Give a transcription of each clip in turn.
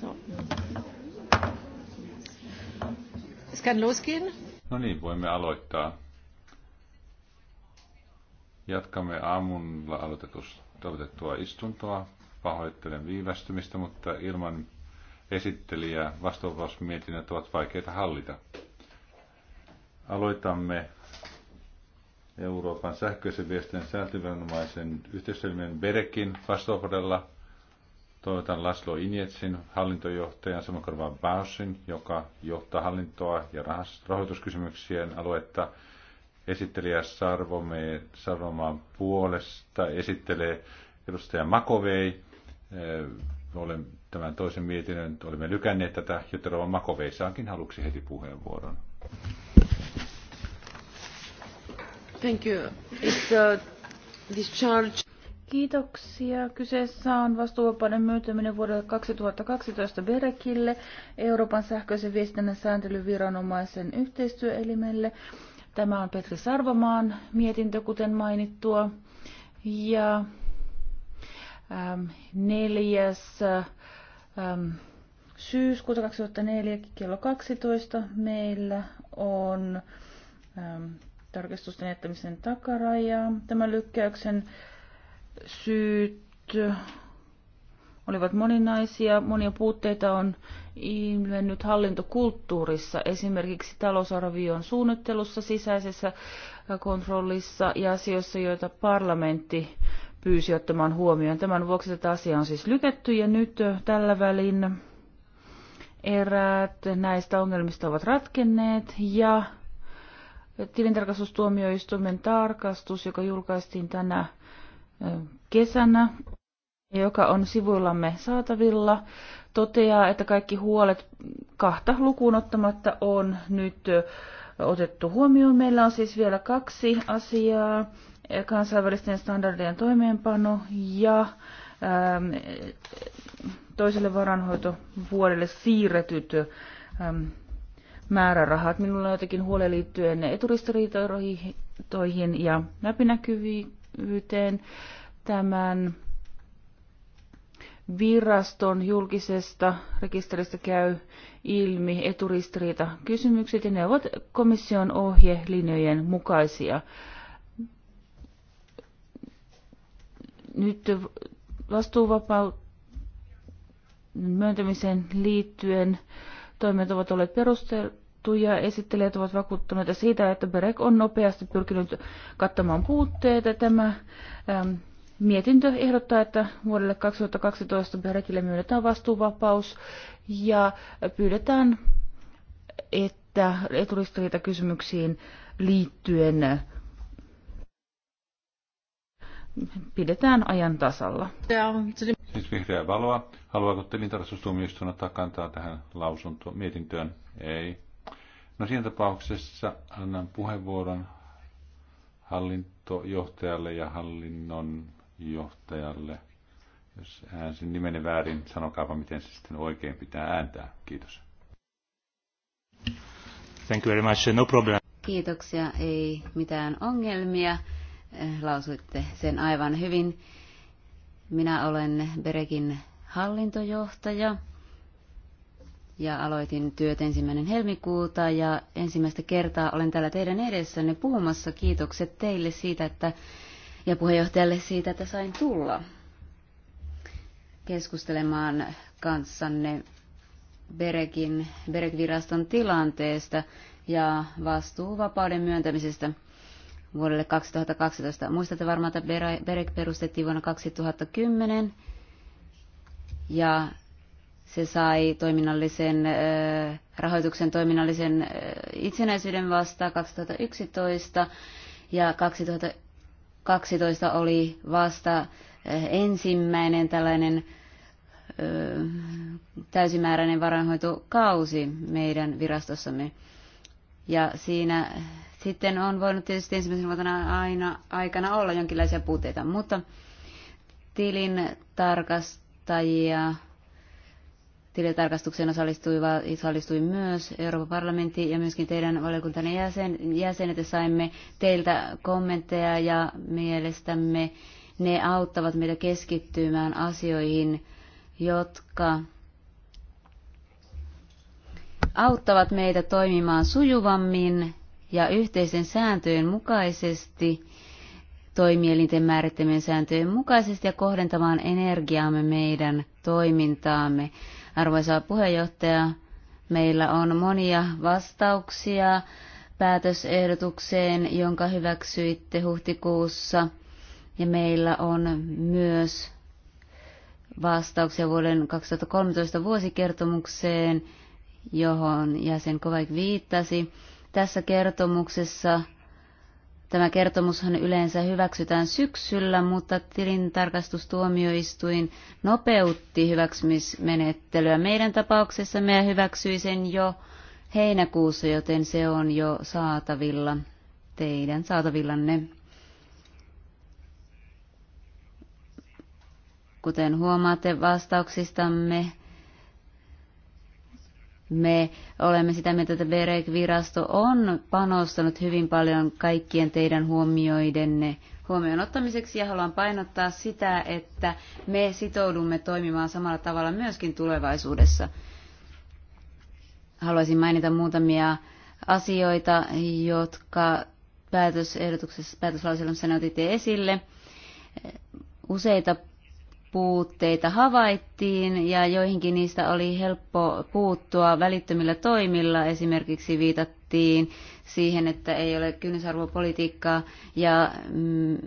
So. Es kann losgehen. No niin, voimme aloittaa. Jatkamme aamulla aloitettua istuntoa. Pahoittelen viivästymistä, mutta ilman esittelijää vastuuvausmietinnät ovat vaikeita hallita. Aloitamme Euroopan sähköisen viestinnän sääntöviranomaisen yhteistyömien Berekin vastavuodella – Toivotan Laszlo Injetsin hallintojohtajan Samokarvan Bausin, joka johtaa hallintoa ja rahoituskysymyksien aluetta. Esittelijä Sarvome, Sarvomaan puolesta esittelee edustaja Makovei. Olen tämän toisen mietinnön, olemme lykänneet tätä, joten Rova Makovei saankin haluksi heti puheenvuoron. Thank you. It's a uh, discharge Kiitoksia. Kyseessä on vastuuvapauden myöntäminen vuodelle 2012 Berekille, Euroopan sähköisen viestinnän sääntelyviranomaisen yhteistyöelimelle. Tämä on Petri Sarvamaan mietintö, kuten mainittua. Ja äm, neljäs äm, syyskuuta 2004 kello 12 meillä on äm, tarkistusten jättämisen takaraja. Tämän lykkäyksen syyt olivat moninaisia. Monia puutteita on ilmennyt hallintokulttuurissa, esimerkiksi talousarvion suunnittelussa, sisäisessä kontrollissa ja asioissa, joita parlamentti pyysi ottamaan huomioon. Tämän vuoksi tätä asia on siis lykätty ja nyt tällä välin eräät näistä ongelmista ovat ratkenneet ja tilintarkastustuomioistuimen tarkastus, joka julkaistiin tänä kesänä, joka on sivuillamme saatavilla, toteaa, että kaikki huolet kahta lukuun ottamatta on nyt otettu huomioon. Meillä on siis vielä kaksi asiaa, kansainvälisten standardien toimeenpano ja toiselle varanhoitovuodelle siirretyt määrärahat. Minulla on jotenkin huolen liittyen eturistiriitoihin ja läpinäkyvyyteen yhteen tämän viraston julkisesta rekisteristä käy ilmi eturistiriita kysymykset ja ne ovat komission ohjelinjojen mukaisia. Nyt vastuuvapauden myöntämiseen liittyen toimet ovat olleet perustel- sanottu ja esittelijät ovat vakuuttuneita siitä, että berek on nopeasti pyrkinyt kattamaan puutteita. Tämä ähm, mietintö ehdottaa, että vuodelle 2012 berekille myönnetään vastuuvapaus ja pyydetään, että kysymyksiin liittyen pidetään ajan tasalla. Nyt vihreää valoa. Haluaako tilintarkastustuomioistuin ottaa kantaa tähän lausuntoon, mietintöön? Ei. No siinä tapauksessa annan puheenvuoron hallintojohtajalle ja hallinnon johtajalle. Jos äänsin nimeni väärin, sanokaapa miten se sitten oikein pitää ääntää. Kiitos. Thank you very much. No problem. Kiitoksia, ei mitään ongelmia. Lausuitte sen aivan hyvin. Minä olen Berekin hallintojohtaja ja aloitin työt ensimmäinen helmikuuta ja ensimmäistä kertaa olen täällä teidän edessänne puhumassa. Kiitokset teille siitä, että ja puheenjohtajalle siitä, että sain tulla keskustelemaan kanssanne Berekin, Berek-viraston tilanteesta ja vastuuvapauden myöntämisestä vuodelle 2012. Muistatte varmaan, että Berek perustettiin vuonna 2010 ja se sai toiminnallisen rahoituksen toiminnallisen itsenäisyyden vasta 2011 ja 2012 oli vasta ensimmäinen tällainen täysimääräinen varainhoitokausi meidän virastossamme. Ja siinä sitten on voinut tietysti ensimmäisen vuotena aina aikana olla jonkinlaisia puutteita, mutta tilin tarkastajia tilitarkastukseen osallistui, osallistui myös Euroopan parlamentti ja myöskin teidän valiokuntanne jäsen, jäsenet ja saimme teiltä kommentteja ja mielestämme ne auttavat meitä keskittymään asioihin, jotka auttavat meitä toimimaan sujuvammin ja yhteisen sääntöjen mukaisesti, toimielinten määrittämien sääntöjen mukaisesti ja kohdentamaan energiaamme meidän toimintaamme. Arvoisa puheenjohtaja, meillä on monia vastauksia päätösehdotukseen, jonka hyväksyitte huhtikuussa. Ja meillä on myös vastauksia vuoden 2013 vuosikertomukseen, johon jäsen Kovaik viittasi. Tässä kertomuksessa Tämä kertomushan yleensä hyväksytään syksyllä, mutta tilintarkastustuomioistuin nopeutti hyväksymismenettelyä. Meidän tapauksessa me hyväksyi sen jo heinäkuussa, joten se on jo saatavilla teidän saatavillanne. Kuten huomaatte vastauksistamme, me olemme sitä mieltä, että BEREC-virasto on panostanut hyvin paljon kaikkien teidän huomioidenne huomioon ottamiseksi ja haluan painottaa sitä, että me sitoudumme toimimaan samalla tavalla myöskin tulevaisuudessa. Haluaisin mainita muutamia asioita, jotka päätösehdotuksessa, päätöslauselmassa ne otitte esille. Useita puutteita havaittiin ja joihinkin niistä oli helppo puuttua välittömillä toimilla. Esimerkiksi viitattiin siihen, että ei ole kynnysarvopolitiikkaa ja mm,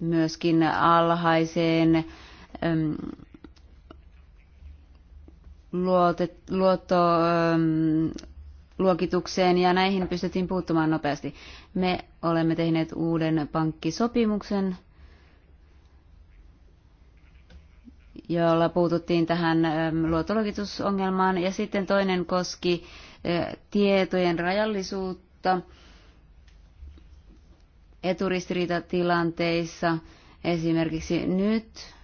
myöskin alhaiseen mm, luotet, luotto, mm, luokitukseen ja näihin pystyttiin puuttumaan nopeasti. Me olemme tehneet uuden pankkisopimuksen jolla puututtiin tähän luottoluokitusongelmaan. Ja sitten toinen koski tietojen rajallisuutta eturistiriitatilanteissa. Esimerkiksi nyt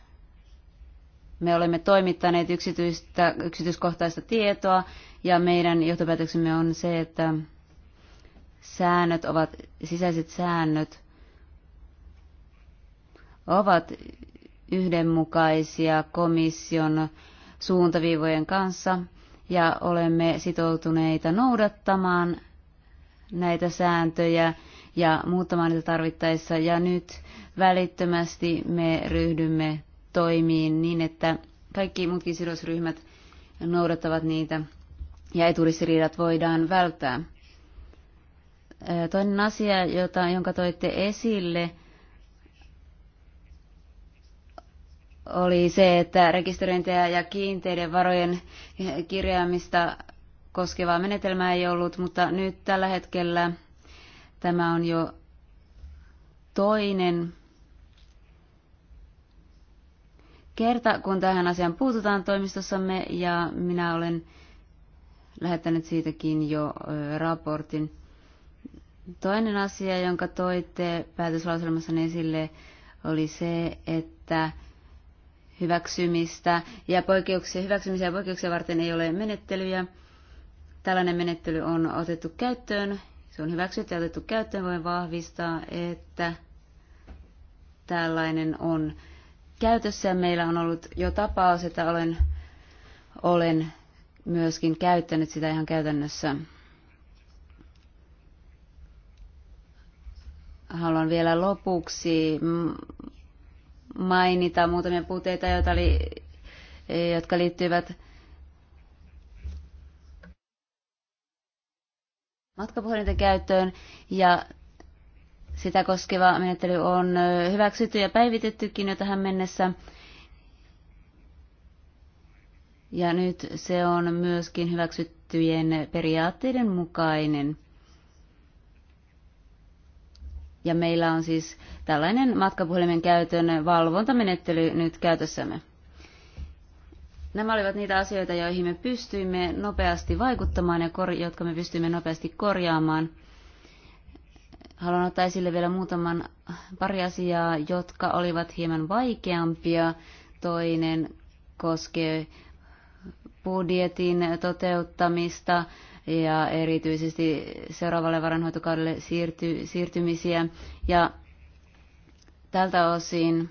me olemme toimittaneet yksityistä, yksityiskohtaista tietoa ja meidän johtopäätöksemme on se, että säännöt ovat, sisäiset säännöt ovat yhdenmukaisia komission suuntaviivojen kanssa ja olemme sitoutuneita noudattamaan näitä sääntöjä ja muuttamaan niitä tarvittaessa. Ja nyt välittömästi me ryhdymme toimiin niin, että kaikki muutkin sidosryhmät noudattavat niitä ja eturistiriidat voidaan välttää. Toinen asia, jota, jonka toitte esille, oli se, että rekisteröintiä ja kiinteiden varojen kirjaamista koskevaa menetelmää ei ollut, mutta nyt tällä hetkellä tämä on jo toinen kerta, kun tähän asiaan puututaan toimistossamme ja minä olen lähettänyt siitäkin jo raportin. Toinen asia, jonka toitte päätöslauselmassani esille, oli se, että hyväksymistä ja poikkeuksia, hyväksymisen ja poikkeuksia varten ei ole menettelyjä. Tällainen menettely on otettu käyttöön, se on hyväksytty ja otettu käyttöön. Voin vahvistaa, että tällainen on käytössä. Meillä on ollut jo tapaus, että olen, olen myöskin käyttänyt sitä ihan käytännössä. Haluan vielä lopuksi mainita muutamia puutteita, joita oli, jotka liittyvät matkapuhelinten käyttöön ja sitä koskeva menettely on hyväksytty ja päivitettykin jo tähän mennessä. Ja nyt se on myöskin hyväksyttyjen periaatteiden mukainen. Ja meillä on siis tällainen matkapuhelimen käytön valvontamenettely nyt käytössämme. Nämä olivat niitä asioita, joihin me pystyimme nopeasti vaikuttamaan ja jotka me pystyimme nopeasti korjaamaan. Haluan ottaa esille vielä muutaman pari asiaa, jotka olivat hieman vaikeampia. Toinen koskee budjetin toteuttamista, ja erityisesti seuraavalle varanhoitokaudelle siirty, siirtymisiä. Ja tältä osin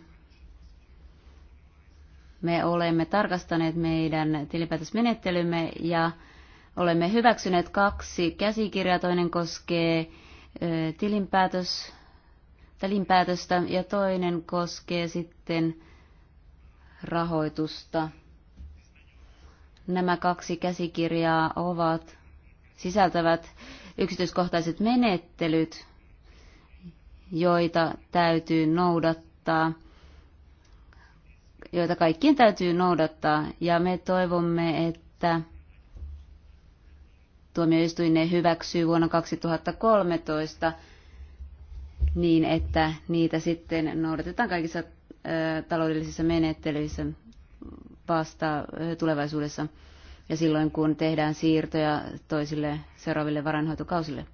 me olemme tarkastaneet meidän tilinpäätösmenettelymme ja olemme hyväksyneet kaksi käsikirjaa. Toinen koskee tilinpäätös, tilinpäätöstä ja toinen koskee sitten rahoitusta. Nämä kaksi käsikirjaa ovat sisältävät yksityiskohtaiset menettelyt, joita täytyy noudattaa, joita kaikkien täytyy noudattaa. Ja me toivomme, että tuomioistuin hyväksyy vuonna 2013 niin, että niitä sitten noudatetaan kaikissa taloudellisissa menettelyissä vasta tulevaisuudessa ja silloin kun tehdään siirtoja toisille seuraaville varainhoitokausille.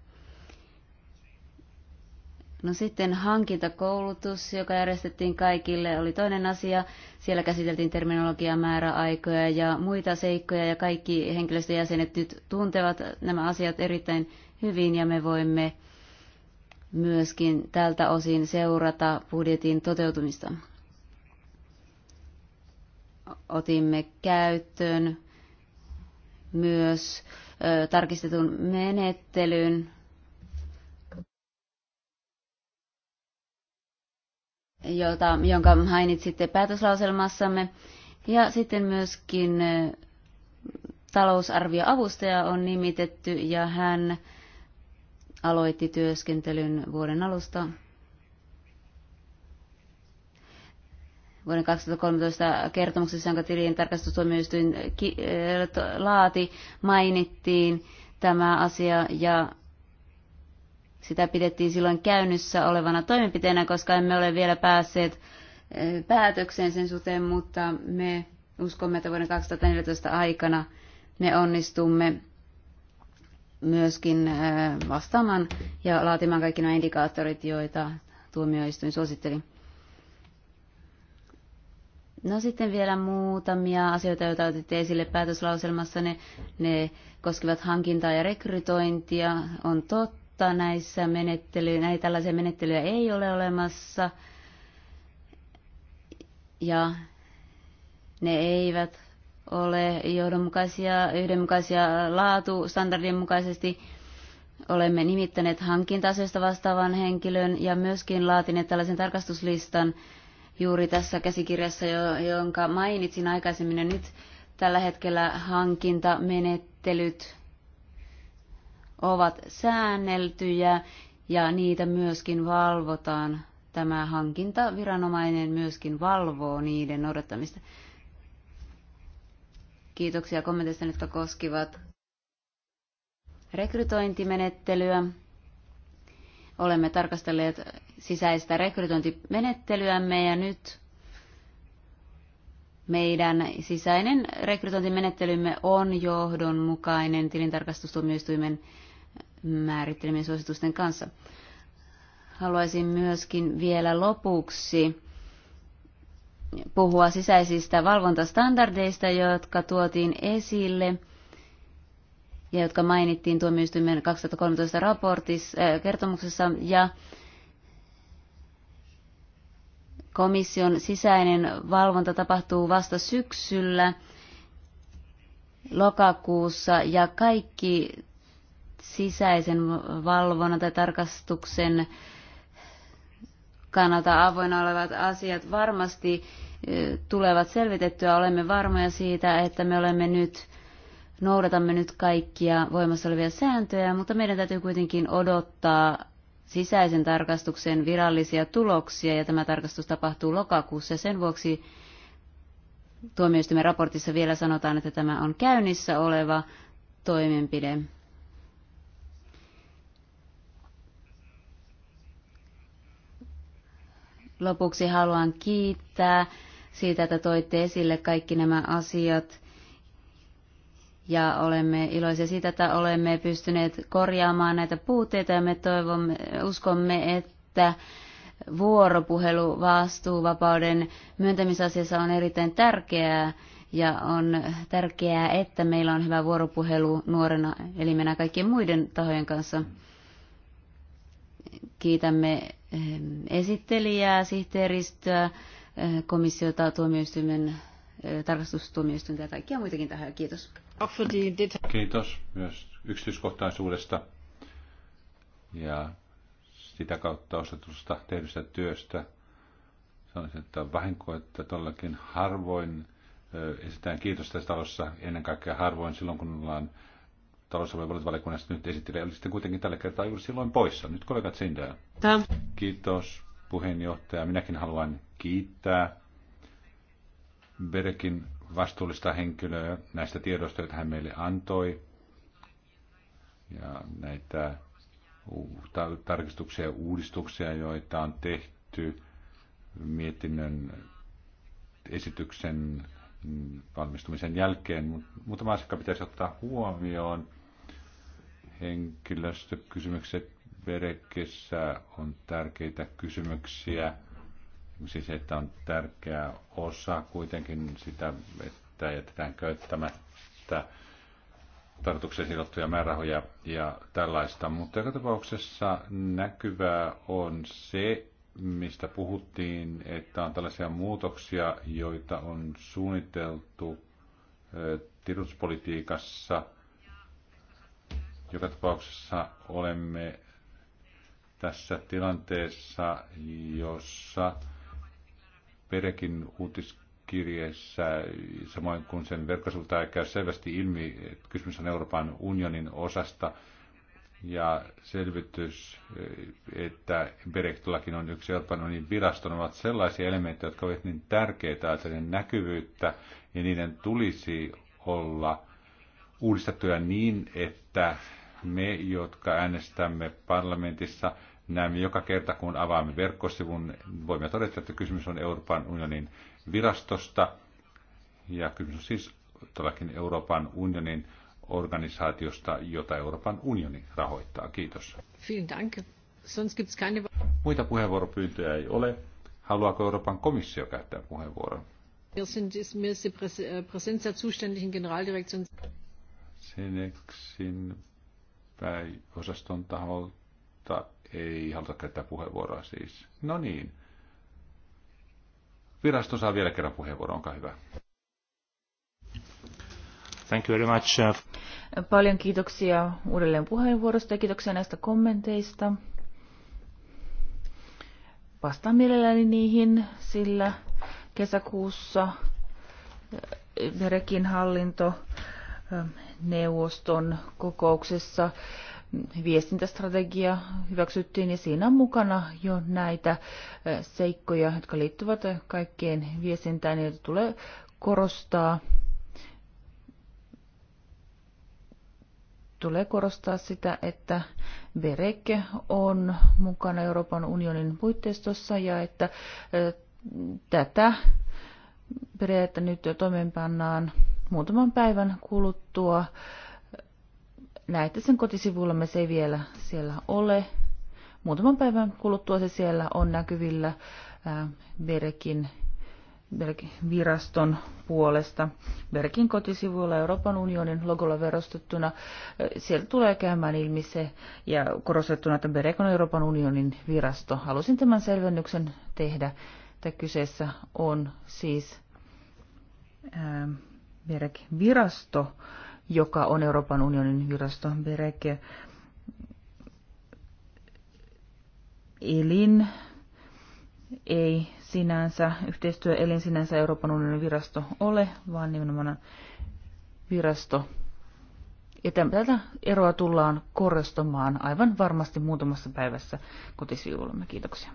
No sitten hankintakoulutus, joka järjestettiin kaikille, oli toinen asia. Siellä käsiteltiin terminologiaa, määräaikoja ja muita seikkoja ja kaikki henkilöstöjäsenet nyt tuntevat nämä asiat erittäin hyvin ja me voimme myöskin tältä osin seurata budjetin toteutumista. Otimme käyttöön myös tarkistetun menettelyn jota, jonka mainitsitte päätöslauselmassamme. Ja sitten myöskin talousarvioavustaja on nimitetty ja hän aloitti työskentelyn vuoden alusta vuoden 2013 kertomuksessa, jonka tilin tarkastustuomioistuin eh, laati, mainittiin tämä asia ja sitä pidettiin silloin käynnissä olevana toimenpiteenä, koska emme ole vielä päässeet eh, päätökseen sen suhteen, mutta me uskomme, että vuoden 2014 aikana me onnistumme myöskin eh, vastaamaan ja laatimaan kaikki nämä indikaattorit, joita tuomioistuin suositteli. No sitten vielä muutamia asioita, joita otitte esille päätöslauselmassa. Ne, ne koskevat hankintaa ja rekrytointia. On totta, näissä menettely, näitä tällaisia menettelyjä ei ole olemassa. Ja ne eivät ole johdonmukaisia, yhdenmukaisia laatustandardien mukaisesti. Olemme nimittäneet hankinta vastaavan henkilön ja myöskin laatineet tällaisen tarkastuslistan, juuri tässä käsikirjassa, jonka mainitsin aikaisemmin. Ja nyt tällä hetkellä hankintamenettelyt ovat säänneltyjä ja niitä myöskin valvotaan. Tämä hankintaviranomainen myöskin valvoo niiden noudattamista. Kiitoksia kommenteista, jotka koskivat rekrytointimenettelyä olemme tarkastelleet sisäistä rekrytointimenettelyämme ja nyt meidän sisäinen rekrytointimenettelymme on johdonmukainen tilintarkastustuomioistuimen määrittelemien suositusten kanssa. Haluaisin myöskin vielä lopuksi puhua sisäisistä valvontastandardeista, jotka tuotiin esille – ja jotka mainittiin tuomioistuimen 2013 raportissa, äh, kertomuksessa ja komission sisäinen valvonta tapahtuu vasta syksyllä lokakuussa ja kaikki sisäisen valvonnan tai tarkastuksen kannalta avoinna olevat asiat varmasti äh, tulevat selvitettyä. Olemme varmoja siitä, että me olemme nyt noudatamme nyt kaikkia voimassa olevia sääntöjä, mutta meidän täytyy kuitenkin odottaa sisäisen tarkastuksen virallisia tuloksia, ja tämä tarkastus tapahtuu lokakuussa. Sen vuoksi tuomioistuimen raportissa vielä sanotaan, että tämä on käynnissä oleva toimenpide. Lopuksi haluan kiittää siitä, että toitte esille kaikki nämä asiat ja olemme iloisia siitä, että olemme pystyneet korjaamaan näitä puutteita ja me toivomme, uskomme, että vuoropuhelu vastuuvapauden myöntämisasiassa on erittäin tärkeää ja on tärkeää, että meillä on hyvä vuoropuhelu nuorena elimenä kaikkien muiden tahojen kanssa. Kiitämme ehm, esittelijää, sihteeristöä, ehm, komissiota, tuomioistuimen, ehm, tarkastustuomioistuinta ja kaikkia muitakin tahoja. Kiitos. Kiitos myös yksityiskohtaisuudesta ja sitä kautta ostetusta tehdystä työstä. Sanoisin, että on vahinko, että todellakin harvoin esitään kiitos tässä talossa, ennen kaikkea harvoin silloin, kun ollaan talousvaliokunnassa nyt esittelee, oli sitten kuitenkin tällä kertaa juuri silloin poissa. Nyt kollegat Sindel. Kiitos puheenjohtaja. Minäkin haluan kiittää Berekin vastuullista henkilöä näistä tiedoista, joita hän meille antoi. Ja näitä tarkistuksia ja uudistuksia, joita on tehty mietinnön esityksen valmistumisen jälkeen. Muutama asia pitäisi ottaa huomioon. Henkilöstökysymykset Verekissä on tärkeitä kysymyksiä siis että on tärkeä osa kuitenkin sitä, että jätetään käyttämättä tarkoitukseen sidottuja määrärahoja ja tällaista. Mutta joka tapauksessa näkyvää on se, mistä puhuttiin, että on tällaisia muutoksia, joita on suunniteltu tiedotuspolitiikassa. Joka tapauksessa olemme tässä tilanteessa, jossa Perekin uutiskirjeessä, samoin kuin sen verkkosivulta, käy selvästi ilmi, että kysymys on Euroopan unionin osasta. Ja selvitys, että Berektollakin on yksi Euroopan unionin viraston, ovat sellaisia elementtejä, jotka ovat niin tärkeitä, että sen näkyvyyttä ja niiden tulisi olla uudistettuja niin, että me, jotka äänestämme parlamentissa – näemme joka kerta, kun avaamme verkkosivun, voimme todeta, että kysymys on Euroopan unionin virastosta ja kysymys on siis todellakin Euroopan unionin organisaatiosta, jota Euroopan unioni rahoittaa. Kiitos. Vielen Dank. Sonst gibt's keine... Muita puheenvuoropyyntöjä ei ole. Haluaako Euroopan komissio käyttää puheenvuoron? Wir sind mir ist äh, Präsenz der zuständigen Generaldirektion. Senexin taholta ei haluta käyttää puheenvuoroa siis. No niin. Virasto saa vielä kerran puheenvuoron, onkaan hyvä. Thank you very much. Uh, Paljon kiitoksia uudelleen puheenvuorosta ja kiitoksia näistä kommenteista. Vastaan mielelläni niihin, sillä kesäkuussa Verekin eh, hallinto eh, neuvoston kokouksessa viestintästrategia hyväksyttiin ja siinä on mukana jo näitä seikkoja, jotka liittyvät kaikkeen viestintään, joita tulee korostaa. Tulee korostaa sitä, että BEREC on mukana Euroopan unionin puitteistossa ja että tätä periaatetta nyt toimeenpannaan muutaman päivän kuluttua Näette sen me se ei vielä siellä ole. Muutaman päivän kuluttua se siellä on näkyvillä Berkin viraston puolesta. Berkin kotisivuilla Euroopan unionin logolla verostettuna. Sieltä tulee käymään ilmi se ja korostettuna, että Berek on Euroopan unionin virasto. Halusin tämän selvennyksen tehdä, että kyseessä on siis Berek-virasto, joka on Euroopan unionin virasto BEREC, elin, ei sinänsä, yhteistyöelin sinänsä Euroopan unionin virasto ole, vaan nimenomaan virasto. Ja tätä eroa tullaan korostamaan aivan varmasti muutamassa päivässä kotisivuillamme. Kiitoksia.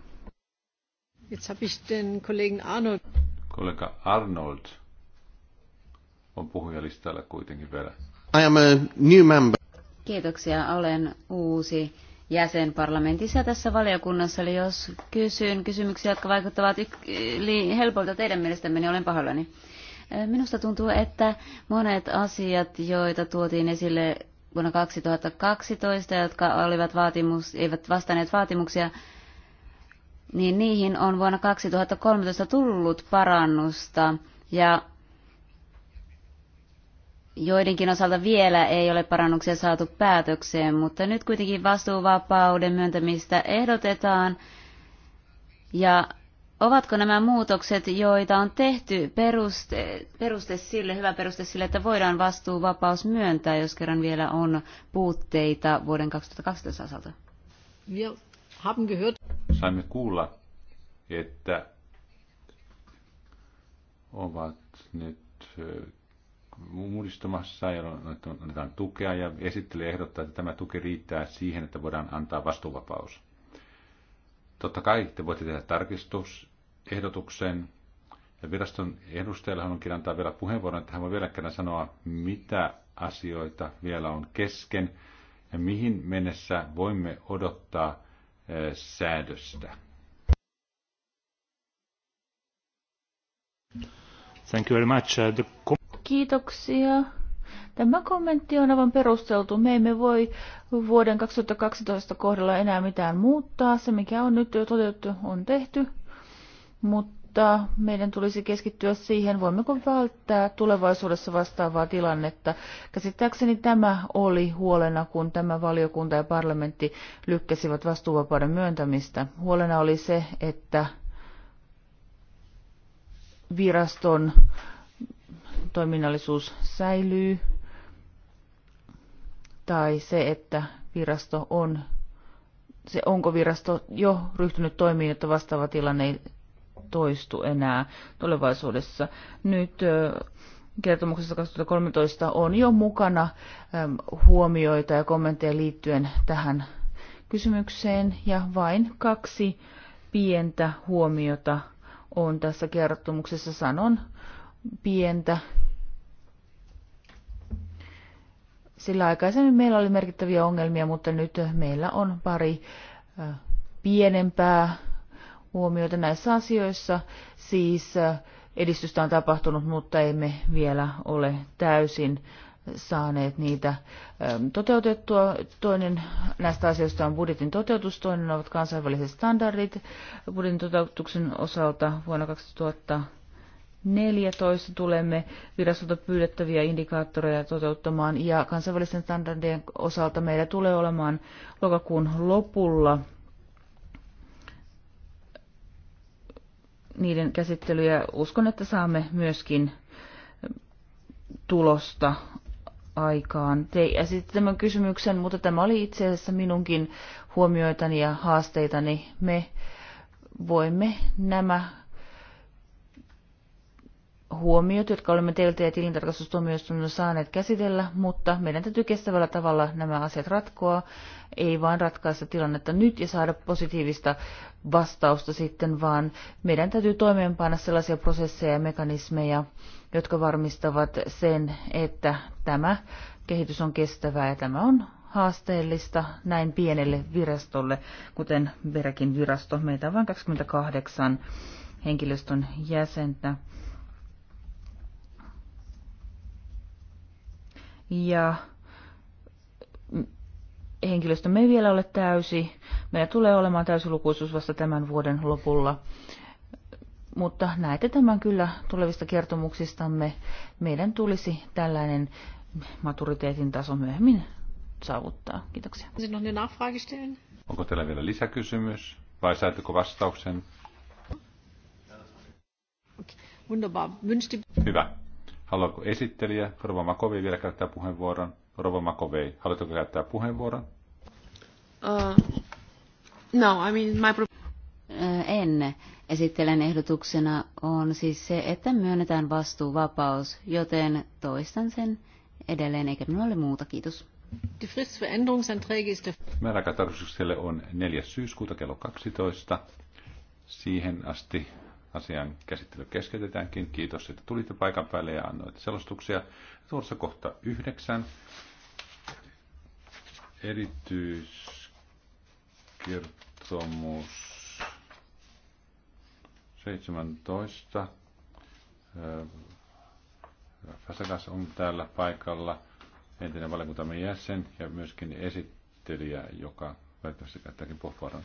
Jetzt habe ich den Kollegen Arnold. Kollega Arnold on puhujalistalla kuitenkin vielä. I am a new member. Kiitoksia, olen uusi jäsen parlamentissa tässä valiokunnassa, eli jos kysyn kysymyksiä, jotka vaikuttavat helpolta teidän mielestänne, niin olen pahoillani. Minusta tuntuu, että monet asiat, joita tuotiin esille vuonna 2012, jotka olivat vaatimus, eivät vastanneet vaatimuksia, niin niihin on vuonna 2013 tullut parannusta ja joidenkin osalta vielä ei ole parannuksia saatu päätökseen, mutta nyt kuitenkin vastuuvapauden myöntämistä ehdotetaan. Ja ovatko nämä muutokset, joita on tehty, peruste, peruste sille, hyvä peruste sille, että voidaan vastuuvapaus myöntää, jos kerran vielä on puutteita vuoden 2012 osalta? Saimme kuulla, että ovat nyt muodistumassa ja annetaan tukea ja esittelee ehdottaa, että tämä tuki riittää siihen, että voidaan antaa vastuuvapaus. Totta kai te voitte tehdä tarkistusehdotuksen. Ja viraston edustajalle haluankin antaa vielä puheenvuoron, että hän voi vielä kerran sanoa, mitä asioita vielä on kesken ja mihin mennessä voimme odottaa eh, säädöstä. Thank you very much. Uh, the... Kiitoksia. Tämä kommentti on aivan perusteltu. Me emme voi vuoden 2012 kohdalla enää mitään muuttaa. Se, mikä on nyt jo toteutettu, on tehty. Mutta meidän tulisi keskittyä siihen, voimmeko välttää tulevaisuudessa vastaavaa tilannetta. Käsittääkseni tämä oli huolena, kun tämä valiokunta ja parlamentti lykkäsivät vastuuvapauden myöntämistä. Huolena oli se, että viraston toiminnallisuus säilyy tai se, että virasto on, se onko virasto jo ryhtynyt toimiin, että vastaava tilanne ei toistu enää tulevaisuudessa. Nyt kertomuksessa 2013 on jo mukana huomioita ja kommentteja liittyen tähän kysymykseen ja vain kaksi pientä huomiota on tässä kertomuksessa. Sanon pientä, sillä aikaisemmin meillä oli merkittäviä ongelmia, mutta nyt meillä on pari pienempää huomiota näissä asioissa. Siis edistystä on tapahtunut, mutta emme vielä ole täysin saaneet niitä toteutettua. Toinen näistä asioista on budjetin toteutus, toinen ovat kansainväliset standardit budjetin toteutuksen osalta vuonna 2000 2014 tulemme virastolta pyydettäviä indikaattoreja toteuttamaan ja kansainvälisten standardien osalta meillä tulee olemaan lokakuun lopulla niiden käsittelyjä. Uskon, että saamme myöskin tulosta aikaan. Te esitte tämän kysymyksen, mutta tämä oli itse asiassa minunkin huomioitani ja haasteitani. Me voimme nämä huomiot, jotka olemme teiltä ja tilintarkastustuomioistuimella saaneet käsitellä, mutta meidän täytyy kestävällä tavalla nämä asiat ratkoa, ei vain ratkaista tilannetta nyt ja saada positiivista vastausta sitten, vaan meidän täytyy toimeenpanna sellaisia prosesseja ja mekanismeja, jotka varmistavat sen, että tämä kehitys on kestävää ja tämä on haasteellista näin pienelle virastolle, kuten Berekin virasto. Meitä on vain 28 henkilöstön jäsentä. ja me ei vielä ole täysi. Meillä tulee olemaan täysilukuisuus vasta tämän vuoden lopulla. Mutta näette tämän kyllä tulevista kertomuksistamme. Meidän tulisi tällainen maturiteetin taso myöhemmin saavuttaa. Kiitoksia. Onko teillä vielä lisäkysymys vai saitteko vastauksen? Hyvä. Haluatko esittelijä Rova Makovei vielä käyttää puheenvuoron? Rova Makovei, haluatko käyttää puheenvuoron? Uh, no, I mean my... Äh, en. Esittelen ehdotuksena on siis se, että myönnetään vastuuvapaus, joten toistan sen edelleen, eikä minulla ole muuta. Kiitos. Määräaikatarkistukselle on 4. syyskuuta kello 12. Siihen asti asian käsittely keskeytetäänkin. Kiitos, että tulitte paikan päälle ja annoitte selostuksia. Tuossa kohta yhdeksän. Erityiskertomus 17. Fasakas on täällä paikalla, entinen valiokuntamme jäsen ja myöskin esittelijä, joka välttämättä käyttääkin puheenvuoron.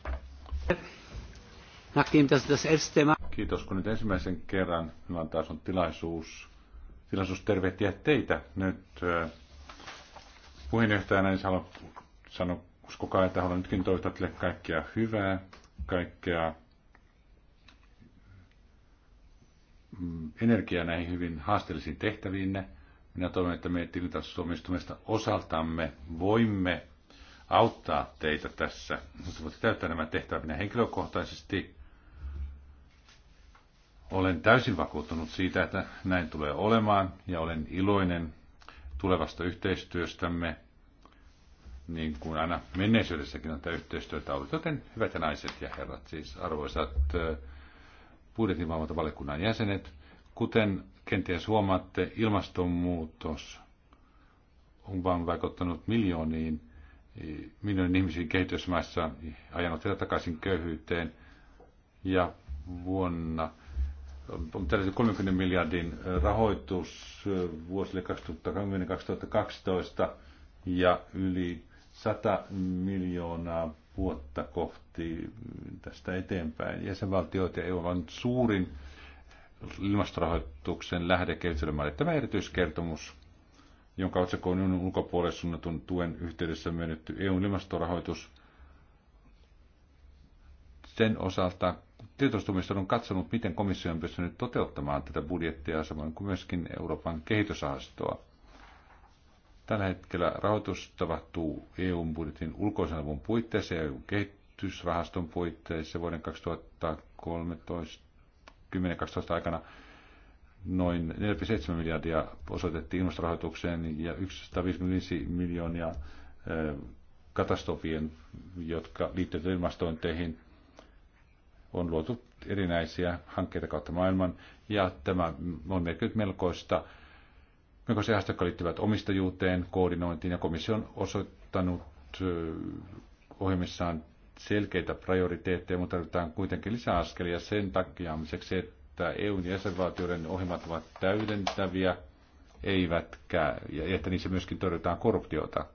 Nachdem das das elfte Mal Kiitos, kun nyt ensimmäisen kerran minulla taas on tilaisuus, tilaisuus tervehtiä teitä nyt äh, puheenjohtajana. En niin sano, sanoa, uskokaa, että haluan nytkin toivottaa teille kaikkea hyvää, kaikkea mm, energiaa näihin hyvin haasteellisiin tehtäviinne. Minä toivon, että me tilintasomistumista osaltamme voimme auttaa teitä tässä, mutta voitte täyttää nämä tehtävät. Minä henkilökohtaisesti olen täysin vakuuttunut siitä, että näin tulee olemaan ja olen iloinen tulevasta yhteistyöstämme, niin kuin aina menneisyydessäkin on tätä yhteistyötä ollut. Joten hyvät ja naiset ja herrat, siis arvoisat äh, budjetinvalvontavaliokunnan jäsenet, kuten kenties huomaatte, ilmastonmuutos on vain vaikuttanut miljooniin, e, miljoonin ihmisiin kehitysmaissa, ajanut heitä takaisin köyhyyteen. Ja vuonna on tällaisen 30 miljardin rahoitus vuosille 2010-2012 ja yli 100 miljoonaa vuotta kohti tästä eteenpäin. Jäsenvaltioita ja EU on suurin ilmastorahoituksen lähde kehitysmaille. Tämä erityiskertomus, jonka otsikko on EUn ulkopuolelle suunnatun tuen yhteydessä myönnetty EUn ilmastorahoitus, sen osalta tietostumiston on katsonut, miten komissio on pystynyt toteuttamaan tätä budjettia, samoin kuin myöskin Euroopan kehitysrahastoa. Tällä hetkellä rahoitus tapahtuu EUn budjetin ulkoisen avun puitteissa ja EUn kehitysrahaston puitteissa vuoden 2013 10 aikana noin 4,7 miljardia osoitettiin ilmastorahoitukseen ja 155 miljoonia katastrofien, jotka liittyvät ilmastointeihin, on luotu erinäisiä hankkeita kautta maailman, ja tämä on merkinnyt melkoista melkoisia haasteita, jotka liittyvät omistajuuteen, koordinointiin, ja komissio on osoittanut ohjelmissaan selkeitä prioriteetteja, mutta tarvitaan kuitenkin lisäaskelia sen takia, että EUn jäsenvaltioiden ohjelmat ovat täydentäviä, eivätkä, ja että niissä myöskin torjutaan korruptiota.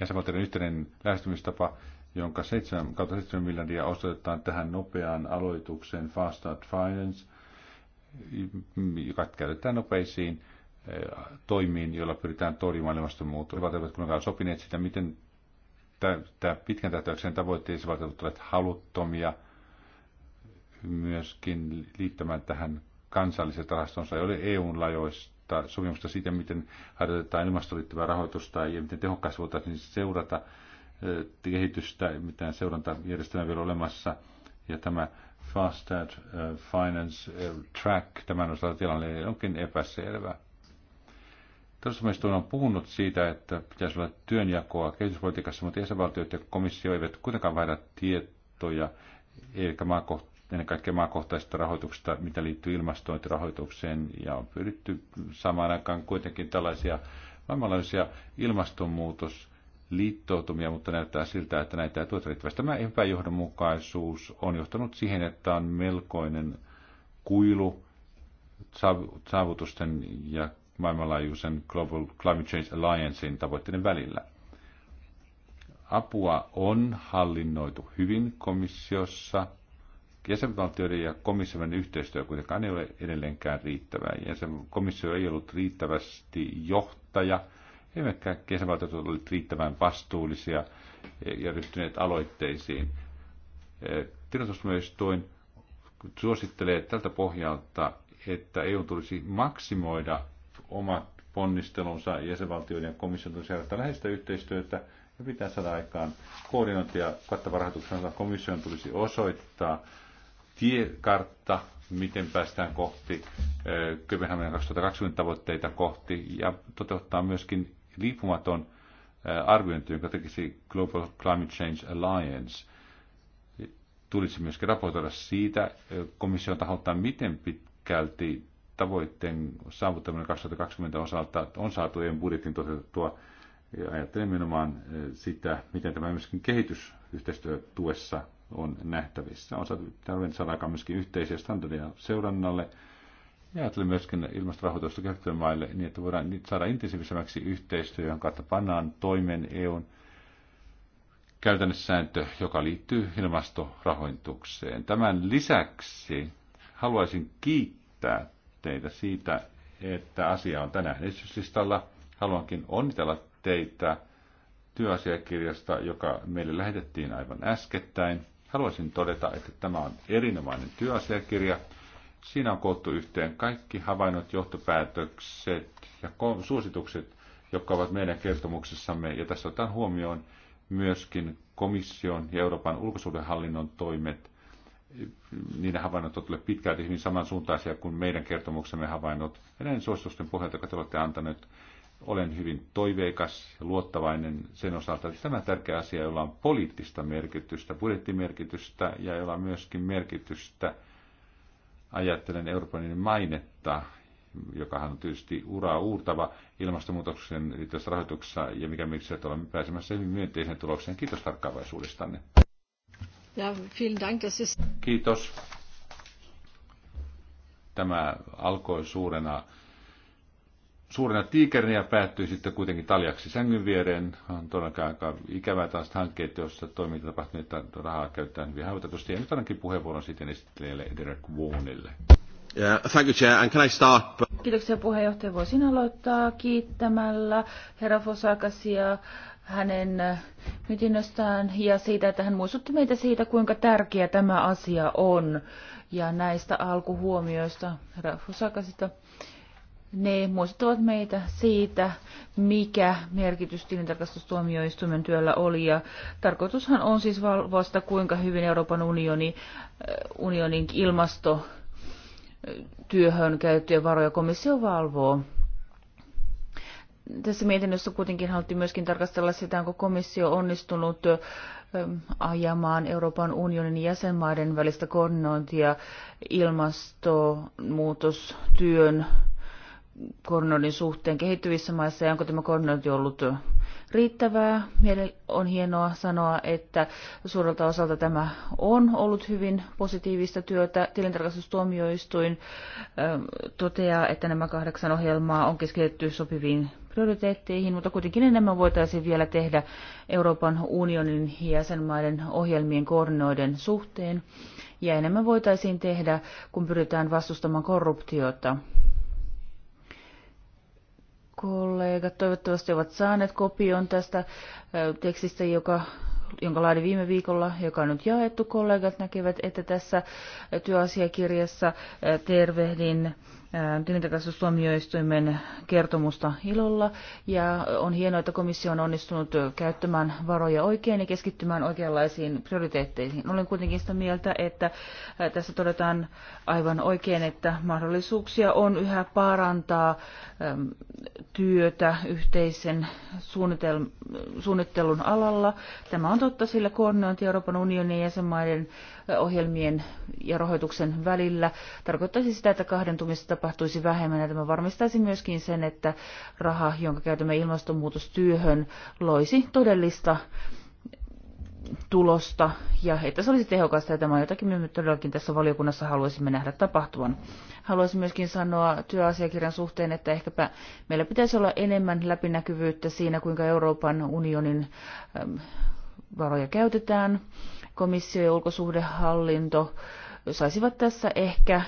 Jäsenvaltioiden yhteinen lähestymistapa jonka 7, 7 miljardia osoitetaan tähän nopeaan aloitukseen Fast Start Finance, joka käytetään nopeisiin eh, toimiin, joilla pyritään torjumaan ilmastonmuutosta. Hyvät eivät kuitenkaan sopineet sitä, miten tämä pitkän tähtäyksen tavoitteisiin valtiot ovat haluttomia myöskin liittämään tähän kansalliset rahastonsa, ei ole EUn lajoista sopimusta siitä, miten harjoitetaan ilmastoliittyvää rahoitusta ja miten tehokkaasti voitaisiin seurata Eh, kehitystä, mitään seurantajärjestelmää vielä olemassa. Ja tämä Fast at eh, Finance eh, Track, tämän osalta tilanne onkin epäselvä. Talousmiestun on puhunut siitä, että pitäisi olla työnjakoa kehityspolitiikassa, mutta jäsenvaltiot ja komissio eivät kuitenkaan vaihda tietoja, eikä maakohtaisesti ennen kaikkea maakohtaisesta rahoituksesta, mitä liittyy ilmastointirahoitukseen, ja on pyritty samaan aikaan kuitenkin tällaisia maailmanlaajuisia ilmastonmuutos- liittoutumia, mutta näyttää siltä, että näitä ei tueta riittävästi. Tämä epäjohdonmukaisuus on johtanut siihen, että on melkoinen kuilu saavutusten ja maailmanlaajuisen Global Climate Change Alliancein tavoitteiden välillä. Apua on hallinnoitu hyvin komissiossa. Jäsenvaltioiden ja komission yhteistyö kuitenkaan ei ole edelleenkään riittävää. Jäsen, komissio ei ollut riittävästi johtaja – eivätkä kesävaltiot olleet riittävän vastuullisia ja ryhtyneet aloitteisiin. Eh, Tilastustuomioistuin suosittelee tältä pohjalta, että EU tulisi maksimoida omat ponnistelunsa jäsenvaltioiden ja komission tulisi järjestää läheistä yhteistyötä ja pitää saada aikaan koordinointia kattava rahoituksen komission tulisi osoittaa tiekartta, miten päästään kohti eh, Kööpenhaminan 2020 tavoitteita kohti ja toteuttaa myöskin riippumaton äh, arviointi, jonka tekisi Global Climate Change Alliance, tulisi myöskin raportoida siitä äh, komission taholta, miten pitkälti tavoitteen saavuttaminen 2020 osalta on saatu EU budjetin toteutettua. Ajattelen nimenomaan äh, sitä, miten tämä myöskin kehitysyhteistyötuessa on nähtävissä. On saatu saada aikaan myöskin yhteisiä standardeja seurannalle ja ajattelen myöskin ilmastorahoitusta kehittyville niin, että voidaan saada intensiivisemmäksi yhteistyö, jonka kautta pannaan toimen EUn käytännössääntö, joka liittyy ilmastorahoitukseen. Tämän lisäksi haluaisin kiittää teitä siitä, että asia on tänään esityslistalla. Haluankin onnitella teitä työasiakirjasta, joka meille lähetettiin aivan äskettäin. Haluaisin todeta, että tämä on erinomainen työasiakirja – Siinä on koottu yhteen kaikki havainnot, johtopäätökset ja suositukset, jotka ovat meidän kertomuksessamme. Ja tässä otetaan huomioon myöskin komission ja Euroopan ulkosuhdehallinnon toimet. Niiden havainnot ovat pitkälti hyvin samansuuntaisia kuin meidän kertomuksemme havainnot. Ja näiden suositusten pohjalta, jotka te olette antaneet, olen hyvin toiveikas ja luottavainen sen osalta, että tämä tärkeä asia, jolla on poliittista merkitystä, budjettimerkitystä ja jolla on myöskin merkitystä ajattelen Euroopan mainetta, joka on tietysti uraa uurtava ilmastonmuutoksen liittyvässä rahoituksessa ja mikä miksi että olemme pääsemässä hyvin myönteiseen tulokseen. Kiitos tarkkaavaisuudestanne. Ja, vielen dank, das ist... Kiitos. Tämä alkoi suurena suurena tiikerinä päättyi sitten kuitenkin taljaksi sängyn viereen. On todellakin aika ikävää taas hankkeet, joissa toiminta tapahtuu, että rahaa käytetään hyvin hautetusti. Ja nyt annankin puheenvuoron sitten esittelijälle Derek Woonille. Yeah, thank you, Chair. And can I start... Kiitoksia puheenjohtaja. Voisin aloittaa kiittämällä herra Fosakasia hänen mytinnöstään ja siitä, että hän muistutti meitä siitä, kuinka tärkeä tämä asia on. Ja näistä alkuhuomioista herra Fosakasista ne muistuttavat meitä siitä, mikä merkitys tilintarkastustuomioistuimen työllä oli. Ja tarkoitushan on siis vasta kuinka hyvin Euroopan unioni, äh, unionin ilmasto äh, työhön varoja komissio valvoo. Tässä mietinnössä kuitenkin haluttiin myöskin tarkastella sitä, onko komissio onnistunut äh, ajamaan Euroopan unionin jäsenmaiden välistä koordinointia ilmastonmuutostyön koordinoinnin suhteen kehittyvissä maissa ja onko tämä koordinointi ollut riittävää. Meille on hienoa sanoa, että suurelta osalta tämä on ollut hyvin positiivista työtä. Tilintarkastustuomioistuin ähm, toteaa, että nämä kahdeksan ohjelmaa on keskitetty sopiviin prioriteetteihin, mutta kuitenkin enemmän voitaisiin vielä tehdä Euroopan unionin jäsenmaiden ohjelmien koordinoiden suhteen. Ja enemmän voitaisiin tehdä, kun pyritään vastustamaan korruptiota kollegat toivottavasti ovat saaneet kopion tästä tekstistä, joka, jonka laadin viime viikolla, joka on nyt jaettu. Kollegat näkevät, että tässä työasiakirjassa tervehdin tilintarkastustuomioistuimen kertomusta ilolla ja on hienoa, että komissio on onnistunut käyttämään varoja oikein ja keskittymään oikeanlaisiin prioriteetteihin. Olen kuitenkin sitä mieltä, että äh, tässä todetaan aivan oikein, että mahdollisuuksia on yhä parantaa ähm, työtä yhteisen suunnittelun alalla. Tämä on totta, sillä koordinointi Euroopan unionin jäsenmaiden ohjelmien ja rahoituksen välillä tarkoittaisi sitä, että kahdentumista tapahtuisi vähemmän ja tämä varmistaisi myöskin sen, että raha, jonka käytämme ilmastonmuutostyöhön, loisi todellista tulosta ja että se olisi tehokasta ja tämä on jotakin me todellakin tässä valiokunnassa haluaisimme nähdä tapahtuvan. Haluaisin myöskin sanoa työasiakirjan suhteen, että ehkäpä meillä pitäisi olla enemmän läpinäkyvyyttä siinä, kuinka Euroopan unionin varoja käytetään komissio ja ulkosuhdehallinto saisivat tässä ehkä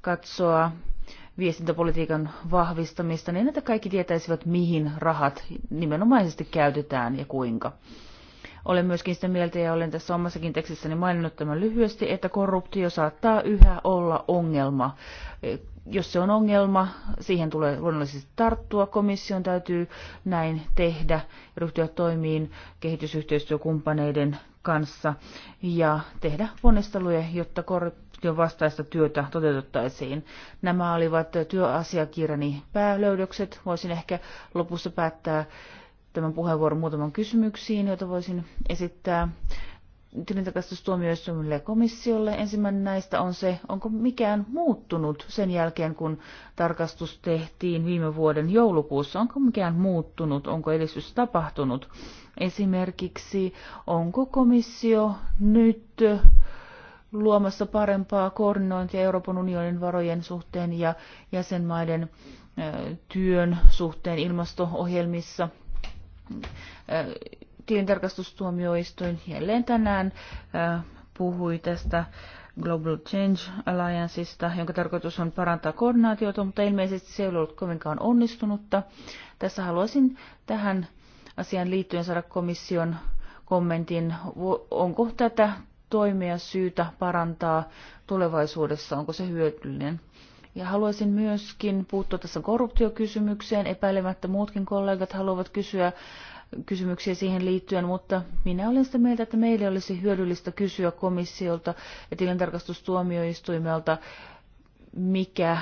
katsoa viestintäpolitiikan vahvistamista, niin että kaikki tietäisivät, mihin rahat nimenomaisesti käytetään ja kuinka. Olen myöskin sitä mieltä, ja olen tässä omassakin tekstissäni maininnut tämän lyhyesti, että korruptio saattaa yhä olla ongelma jos se on ongelma, siihen tulee luonnollisesti tarttua. Komission täytyy näin tehdä ja ryhtyä toimiin kehitysyhteistyökumppaneiden kanssa ja tehdä ponnisteluja, jotta korruption vastaista työtä toteutettaisiin. Nämä olivat työasiakirjani päälöydökset. Voisin ehkä lopussa päättää tämän puheenvuoron muutaman kysymyksiin, joita voisin esittää tilintarkastustuomioistuimelle komissiolle. Ensimmäinen näistä on se, onko mikään muuttunut sen jälkeen, kun tarkastus tehtiin viime vuoden joulukuussa. Onko mikään muuttunut, onko edistys tapahtunut? Esimerkiksi, onko komissio nyt luomassa parempaa koordinointia Euroopan unionin varojen suhteen ja jäsenmaiden työn suhteen ilmasto-ohjelmissa tilintarkastustuomioistuin jälleen tänään äh, puhui tästä Global Change Allianceista, jonka tarkoitus on parantaa koordinaatiota, mutta ilmeisesti se ei ole ollut kovinkaan onnistunutta. Tässä haluaisin tähän asiaan liittyen saada komission kommentin. Onko tätä toimia syytä parantaa tulevaisuudessa? Onko se hyödyllinen? Ja haluaisin myöskin puuttua tässä korruptiokysymykseen. Epäilemättä muutkin kollegat haluavat kysyä kysymyksiä siihen liittyen, mutta minä olen sitä mieltä, että meille olisi hyödyllistä kysyä komissiolta ja tilintarkastustuomioistuimelta, mikä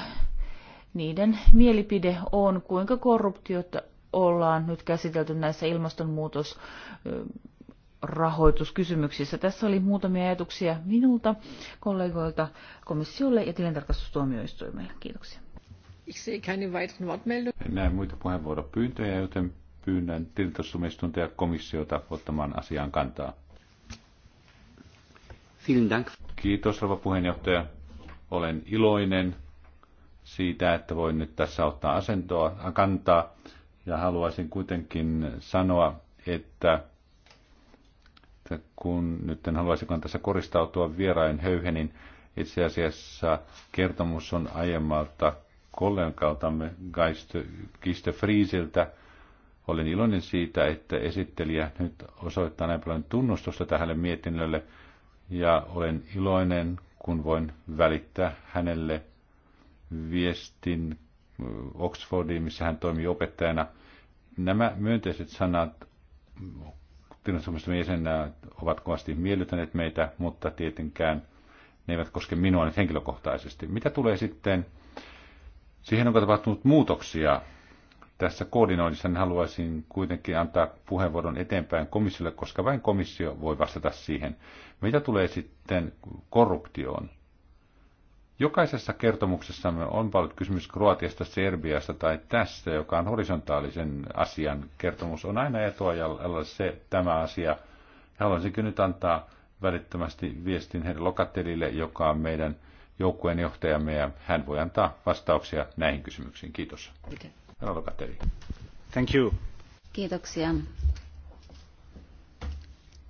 niiden mielipide on, kuinka korruptiota ollaan nyt käsitelty näissä ilmastonmuutos rahoituskysymyksissä. Tässä oli muutamia ajatuksia minulta, kollegoilta, komissiolle ja tilintarkastustuomioistuimelle. Kiitoksia. En näe muita puheenvuoropyyntöjä, joten pyynnän tilintarkastustumistunta ja komissiota ottamaan asiaan kantaa. Kiitos, rouva puheenjohtaja. Olen iloinen siitä, että voin nyt tässä ottaa asentoa, kantaa. Ja haluaisin kuitenkin sanoa, että, että kun nyt en haluaisikaan tässä koristautua vierain höyhenin, itse asiassa kertomus on aiemmalta kollegaltamme Geiste friisiltä. Olen iloinen siitä, että esittelijä nyt osoittaa näin paljon tunnustusta tähälle mietinnölle ja olen iloinen, kun voin välittää hänelle viestin Oxfordiin, missä hän toimii opettajana. Nämä myönteiset sanat tilastomiston ovat kovasti miellyttäneet meitä, mutta tietenkään ne eivät koske minua nyt henkilökohtaisesti. Mitä tulee sitten, siihen on tapahtunut muutoksia tässä koordinoinnissa niin haluaisin kuitenkin antaa puheenvuoron eteenpäin komissiolle, koska vain komissio voi vastata siihen. Mitä tulee sitten korruptioon? Jokaisessa kertomuksessamme on paljon kysymys Kroatiasta, Serbiasta tai tässä, joka on horisontaalisen asian kertomus. On aina etuajalla se tämä asia. Haluaisinkin nyt antaa välittömästi viestin heidän Lokatelille, joka on meidän joukkueen johtajamme, ja hän voi antaa vastauksia näihin kysymyksiin. Kiitos. Okay. Rovakateri. Thank you. Kiitoksia.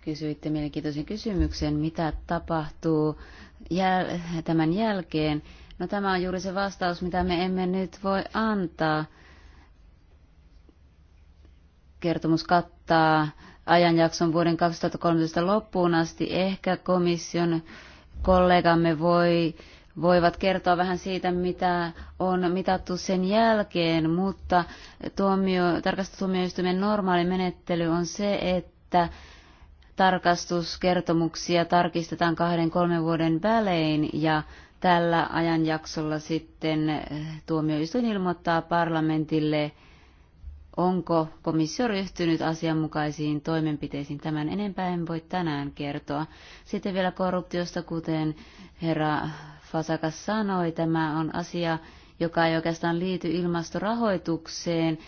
Kysyitte mielenkiintoisen kysymyksen, mitä tapahtuu jäl- tämän jälkeen. No tämä on juuri se vastaus, mitä me emme nyt voi antaa. Kertomus kattaa ajanjakson vuoden 2013 loppuun asti. Ehkä komission kollegamme voi voivat kertoa vähän siitä, mitä on mitattu sen jälkeen, mutta tuomio, tarkastustuomioistuimen normaali menettely on se, että tarkastuskertomuksia tarkistetaan kahden kolmen vuoden välein ja tällä ajanjaksolla sitten eh, tuomioistuin ilmoittaa parlamentille, onko komissio ryhtynyt asianmukaisiin toimenpiteisiin. Tämän enempää en voi tänään kertoa. Sitten vielä korruptiosta, kuten herra Fasakas sanoi, tämä on asia, joka ei oikeastaan liity ilmastorahoitukseen.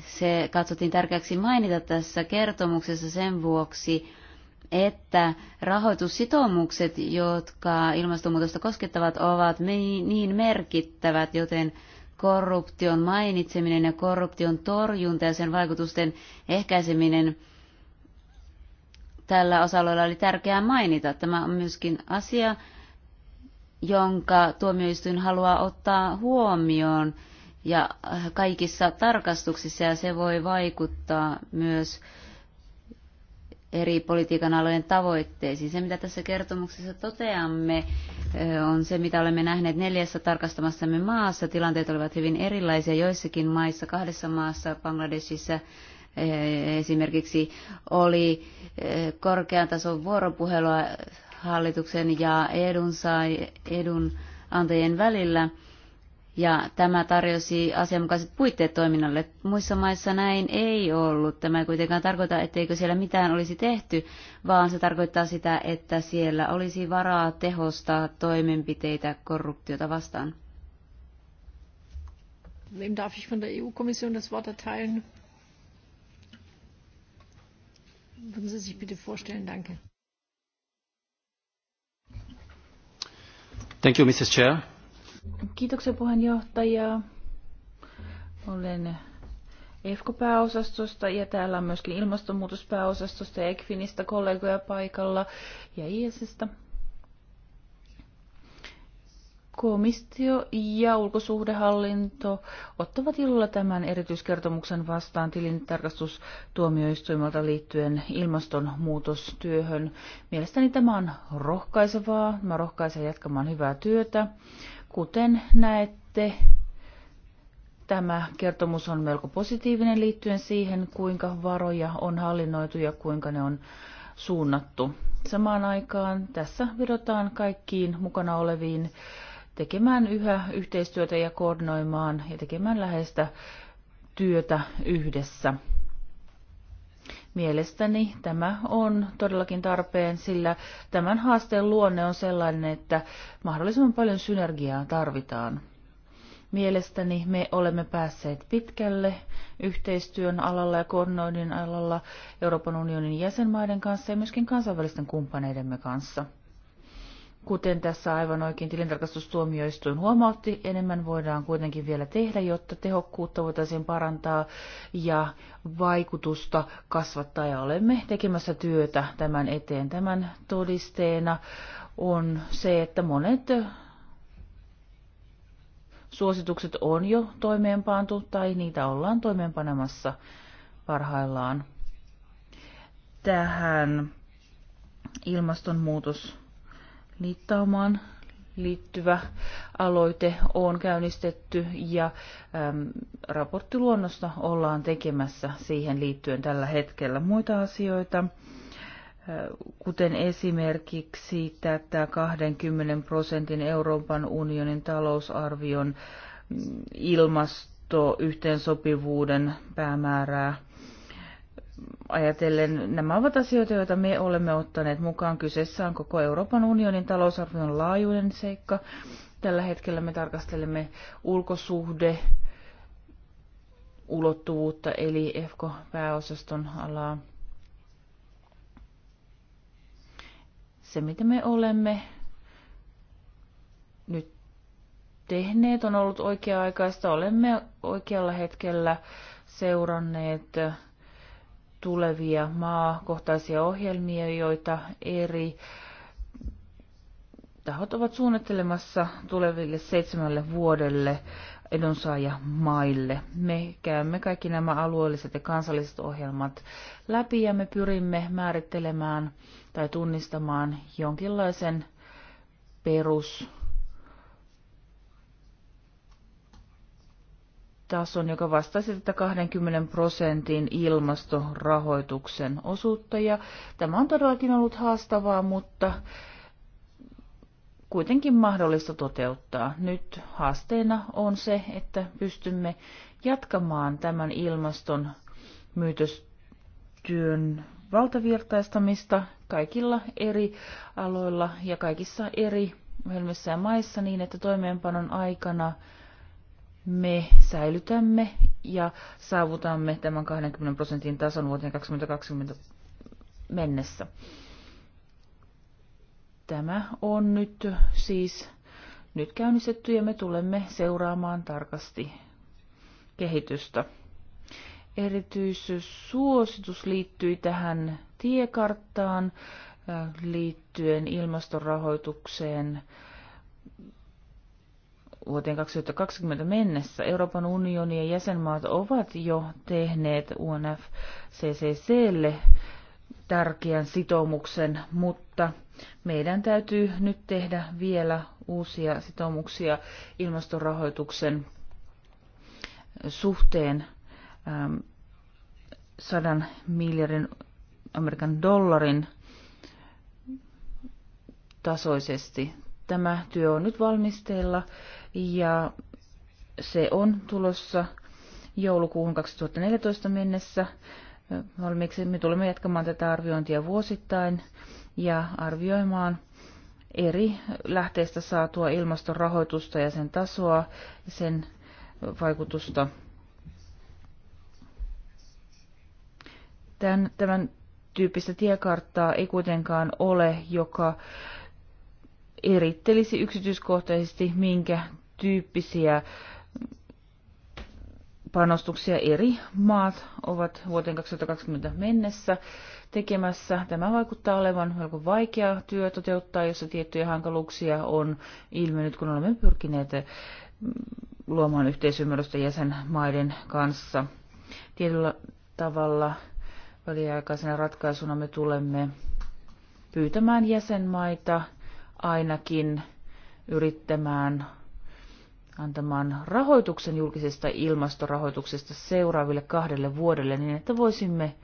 Se katsottiin tärkeäksi mainita tässä kertomuksessa sen vuoksi, että rahoitussitoumukset, jotka ilmastonmuutosta koskettavat, ovat niin merkittävät, joten korruption mainitseminen ja korruption torjunta ja sen vaikutusten ehkäiseminen tällä osa oli tärkeää mainita. Tämä on myöskin asia, jonka tuomioistuin haluaa ottaa huomioon ja kaikissa tarkastuksissa ja se voi vaikuttaa myös eri politiikan alojen tavoitteisiin. Se, mitä tässä kertomuksessa toteamme, on se, mitä olemme nähneet neljässä tarkastamassamme maassa. Tilanteet olivat hyvin erilaisia joissakin maissa, kahdessa maassa, Bangladesissa esimerkiksi oli korkean tason vuoropuhelua hallituksen ja edunsai, edunantajien välillä, ja tämä tarjosi asianmukaiset puitteet toiminnalle. Muissa maissa näin ei ollut. Tämä ei kuitenkaan tarkoita, etteikö siellä mitään olisi tehty, vaan se tarkoittaa sitä, että siellä olisi varaa tehostaa toimenpiteitä korruptiota vastaan. Wem darf ich von der EU-Kommission das Wort erteilen? Würden Sie sich bitte vorstellen? Danke. Thank you, Mrs. Chair. Kiitoksia puheenjohtaja. Olen EFKO-pääosastosta ja täällä on myöskin ilmastonmuutospääosastosta ja Ekfinistä kollegoja paikalla ja IESistä. Komistio ja ulkosuhdehallinto ottavat illalla tämän erityiskertomuksen vastaan tilintarkastustuomioistuimelta liittyen ilmastonmuutostyöhön. Mielestäni tämä on rohkaisevaa. Mä rohkaisen jatkamaan hyvää työtä. Kuten näette, tämä kertomus on melko positiivinen liittyen siihen, kuinka varoja on hallinnoitu ja kuinka ne on suunnattu. Samaan aikaan tässä vedotaan kaikkiin mukana oleviin tekemään yhä yhteistyötä ja koordinoimaan ja tekemään läheistä työtä yhdessä. Mielestäni tämä on todellakin tarpeen, sillä tämän haasteen luonne on sellainen, että mahdollisimman paljon synergiaa tarvitaan. Mielestäni me olemme päässeet pitkälle yhteistyön alalla ja koordinoinnin alalla Euroopan unionin jäsenmaiden kanssa ja myöskin kansainvälisten kumppaneidemme kanssa – Kuten tässä aivan oikein tilintarkastustuomioistuin huomautti, enemmän voidaan kuitenkin vielä tehdä, jotta tehokkuutta voitaisiin parantaa ja vaikutusta kasvattaa. Ja olemme tekemässä työtä tämän eteen. Tämän todisteena on se, että monet suositukset on jo toimeenpantu tai niitä ollaan toimeenpanemassa parhaillaan tähän ilmastonmuutos mittaamaan liittyvä aloite on käynnistetty ja äm, raporttiluonnosta ollaan tekemässä siihen liittyen tällä hetkellä muita asioita, äh, kuten esimerkiksi tätä 20 prosentin Euroopan unionin talousarvion mm, ilmastoyhteensopivuuden päämäärää ajatellen nämä ovat asioita, joita me olemme ottaneet mukaan. Kyseessä on koko Euroopan unionin talousarvion laajuinen seikka. Tällä hetkellä me tarkastelemme ulkosuhde ulottuvuutta, eli EFKO-pääosaston alaa. Se, mitä me olemme nyt tehneet, on ollut oikea-aikaista. Olemme oikealla hetkellä seuranneet tulevia maakohtaisia ohjelmia, joita eri tahot ovat suunnittelemassa tuleville seitsemälle vuodelle edunsaajamaille. Me käymme kaikki nämä alueelliset ja kansalliset ohjelmat läpi ja me pyrimme määrittelemään tai tunnistamaan jonkinlaisen perus tason, joka vastaisi tätä 20 prosentin ilmastorahoituksen osuutta. Ja tämä on todellakin ollut haastavaa, mutta kuitenkin mahdollista toteuttaa. Nyt haasteena on se, että pystymme jatkamaan tämän ilmaston myytöstyön valtavirtaistamista kaikilla eri aloilla ja kaikissa eri ohjelmissa ja maissa niin, että toimeenpanon aikana – me säilytämme ja saavutamme tämän 20 prosentin tason vuoteen 2020 mennessä. Tämä on nyt siis nyt käynnistetty ja me tulemme seuraamaan tarkasti kehitystä. Erityissuositus liittyi tähän tiekarttaan äh, liittyen ilmastorahoitukseen vuoteen 2020 mennessä Euroopan unionin ja jäsenmaat ovat jo tehneet UNFCCClle tärkeän sitoumuksen, mutta meidän täytyy nyt tehdä vielä uusia sitoumuksia ilmastorahoituksen suhteen ähm, sadan miljardin Amerikan dollarin tasoisesti. Tämä työ on nyt valmisteilla ja se on tulossa joulukuuhun 2014 mennessä valmiiksi. Me tulemme jatkamaan tätä arviointia vuosittain ja arvioimaan eri lähteistä saatua ilmastorahoitusta ja sen tasoa, ja sen vaikutusta. Tämän, tämän tyyppistä tiekarttaa ei kuitenkaan ole, joka erittelisi yksityiskohtaisesti, minkä tyyppisiä panostuksia eri maat ovat vuoteen 2020 mennessä tekemässä. Tämä vaikuttaa olevan melko vaikea työ toteuttaa, jossa tiettyjä hankaluuksia on ilmennyt, kun olemme pyrkineet luomaan yhteisymmärrystä jäsenmaiden kanssa. Tietyllä tavalla väliaikaisena ratkaisuna me tulemme pyytämään jäsenmaita ainakin yrittämään antamaan rahoituksen julkisesta ilmastorahoituksesta seuraaville kahdelle vuodelle niin, että voisimme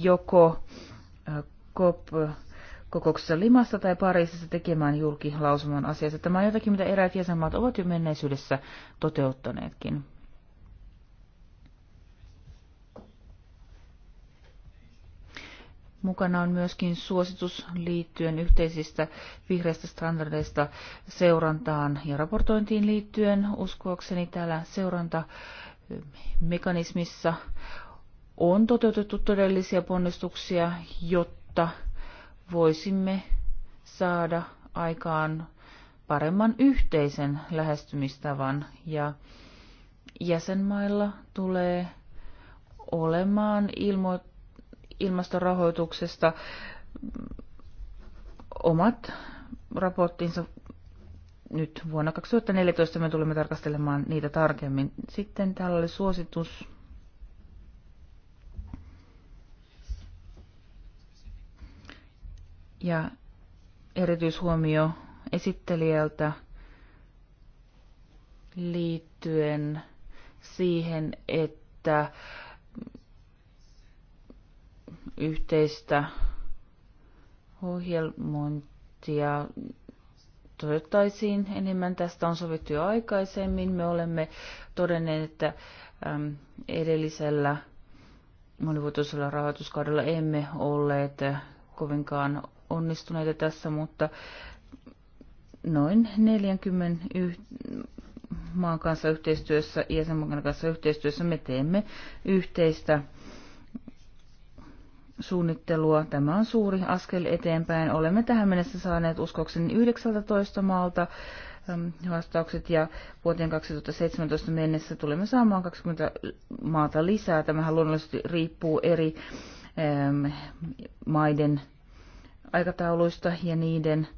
joko COP kokouksessa Limassa tai Pariisissa tekemään julkilausuman asiassa. Tämä on jotakin, mitä eräät jäsenmaat ovat jo menneisyydessä toteuttaneetkin. Mukana on myöskin suositus liittyen yhteisistä vihreistä standardeista seurantaan ja raportointiin liittyen. Uskoakseni täällä seurantamekanismissa on toteutettu todellisia ponnistuksia, jotta voisimme saada aikaan paremman yhteisen lähestymistavan ja jäsenmailla tulee olemaan ilmoit ilmastorahoituksesta omat raporttinsa nyt vuonna 2014 me tulemme tarkastelemaan niitä tarkemmin. Sitten täällä oli suositus ja erityishuomio esittelijältä liittyen siihen, että yhteistä ohjelmointia todettaisiin enemmän. Tästä on sovittu jo aikaisemmin. Me olemme todenneet, että edellisellä monivuotoisella rahoituskaudella emme olleet kovinkaan onnistuneita tässä, mutta noin 40 yh- maan kanssa yhteistyössä, jäsenmaan kanssa yhteistyössä me teemme yhteistä suunnittelua. Tämä on suuri askel eteenpäin. Olemme tähän mennessä saaneet uskokseni 19 maalta vastaukset ja vuoteen 2017 mennessä tulemme saamaan 20 maata lisää. Tämähän luonnollisesti riippuu eri maiden aikatauluista ja niiden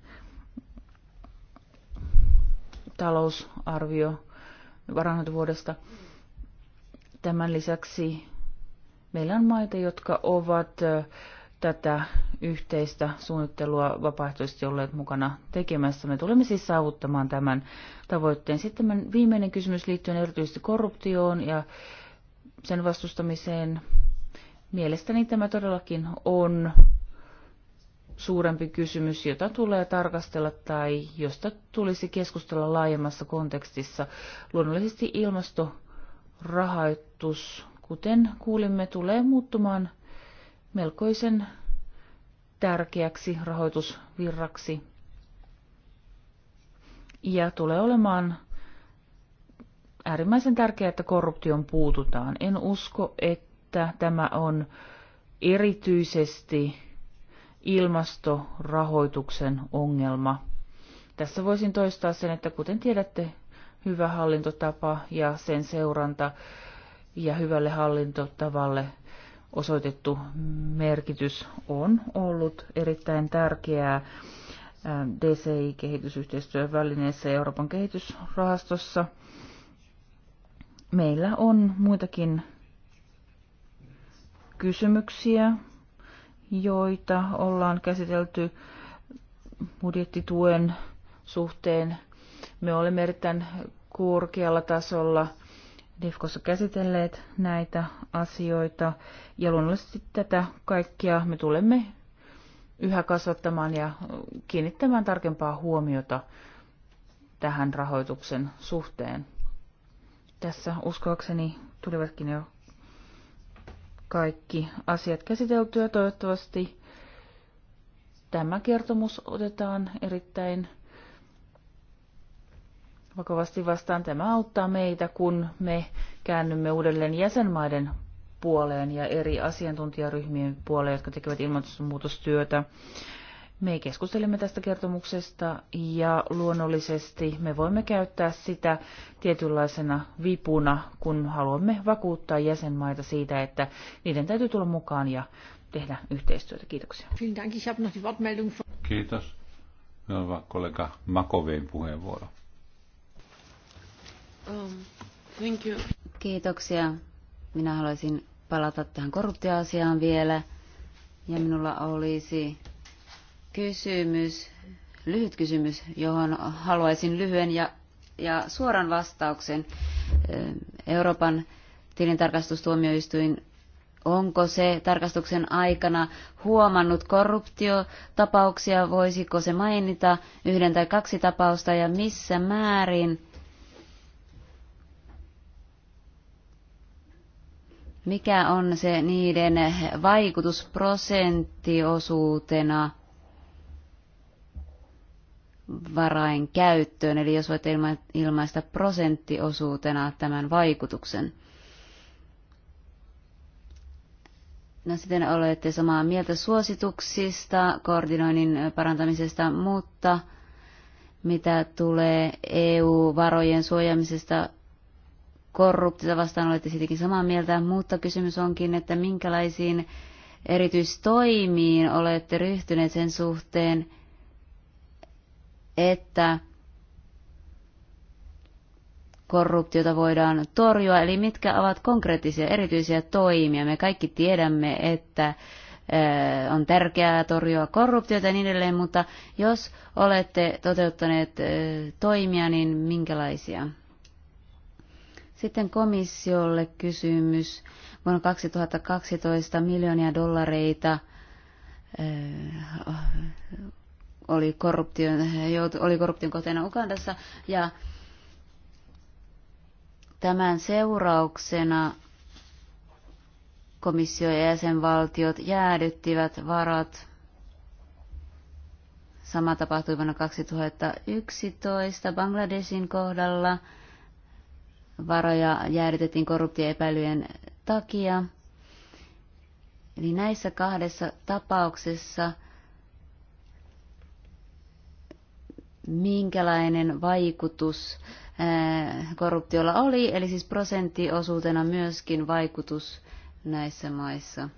talousarvio varannut vuodesta Tämän lisäksi Meillä on maita, jotka ovat tätä yhteistä suunnittelua vapaaehtoisesti olleet mukana tekemässä. Me tulemme siis saavuttamaan tämän tavoitteen. Sitten viimeinen kysymys liittyen erityisesti korruptioon ja sen vastustamiseen. Mielestäni tämä todellakin on suurempi kysymys, jota tulee tarkastella tai josta tulisi keskustella laajemmassa kontekstissa. Luonnollisesti ilmastorahoitus kuten kuulimme, tulee muuttumaan melkoisen tärkeäksi rahoitusvirraksi ja tulee olemaan äärimmäisen tärkeää, että korruption puututaan. En usko, että tämä on erityisesti ilmastorahoituksen ongelma. Tässä voisin toistaa sen, että kuten tiedätte, hyvä hallintotapa ja sen seuranta ja hyvälle hallintotavalle osoitettu merkitys on ollut erittäin tärkeää DCI-kehitysyhteistyön välineessä Euroopan kehitysrahastossa. Meillä on muitakin kysymyksiä, joita ollaan käsitelty budjettituen suhteen. Me olemme erittäin korkealla tasolla – DEFKossa käsitelleet näitä asioita. Ja luonnollisesti tätä kaikkia me tulemme yhä kasvattamaan ja kiinnittämään tarkempaa huomiota tähän rahoituksen suhteen. Tässä uskoakseni tulivatkin jo kaikki asiat käsiteltyä. Toivottavasti tämä kertomus otetaan erittäin vakavasti vastaan. Tämä auttaa meitä, kun me käännymme uudelleen jäsenmaiden puoleen ja eri asiantuntijaryhmien puoleen, jotka tekevät ilmastonmuutostyötä. Me keskustelemme tästä kertomuksesta ja luonnollisesti me voimme käyttää sitä tietynlaisena vipuna, kun haluamme vakuuttaa jäsenmaita siitä, että niiden täytyy tulla mukaan ja tehdä yhteistyötä. Kiitoksia. Kiitos. Meillä kollega Makovein puheenvuoro. Um, thank you. Kiitoksia. Minä haluaisin palata tähän korruptioasiaan vielä. Ja minulla olisi kysymys, lyhyt kysymys, johon haluaisin lyhyen ja, ja suoran vastauksen. Euroopan tilintarkastustuomioistuin, onko se tarkastuksen aikana huomannut korruptiotapauksia, voisiko se mainita yhden tai kaksi tapausta ja missä määrin mikä on se niiden vaikutusprosenttiosuutena varain käyttöön, eli jos voit ilma- ilmaista prosenttiosuutena tämän vaikutuksen. No sitten olette samaa mieltä suosituksista, koordinoinnin parantamisesta, mutta mitä tulee EU-varojen suojaamisesta korruptiota vastaan olette siitäkin samaa mieltä, mutta kysymys onkin, että minkälaisiin erityistoimiin olette ryhtyneet sen suhteen, että korruptiota voidaan torjua, eli mitkä ovat konkreettisia erityisiä toimia. Me kaikki tiedämme, että eh, on tärkeää torjua korruptiota ja niin edelleen, mutta jos olette toteuttaneet eh, toimia, niin minkälaisia? Sitten komissiolle kysymys. Vuonna 2012 miljoonia dollareita eh, oli korruption, oli korruption kohteena Ugandassa ja tämän seurauksena komissio ja jäsenvaltiot jäädyttivät varat. Sama tapahtui vuonna 2011 Bangladesin kohdalla – varoja jäädytettiin korruptioepäilyjen takia. Eli näissä kahdessa tapauksessa minkälainen vaikutus korruptiolla oli, eli siis prosenttiosuutena myöskin vaikutus näissä maissa.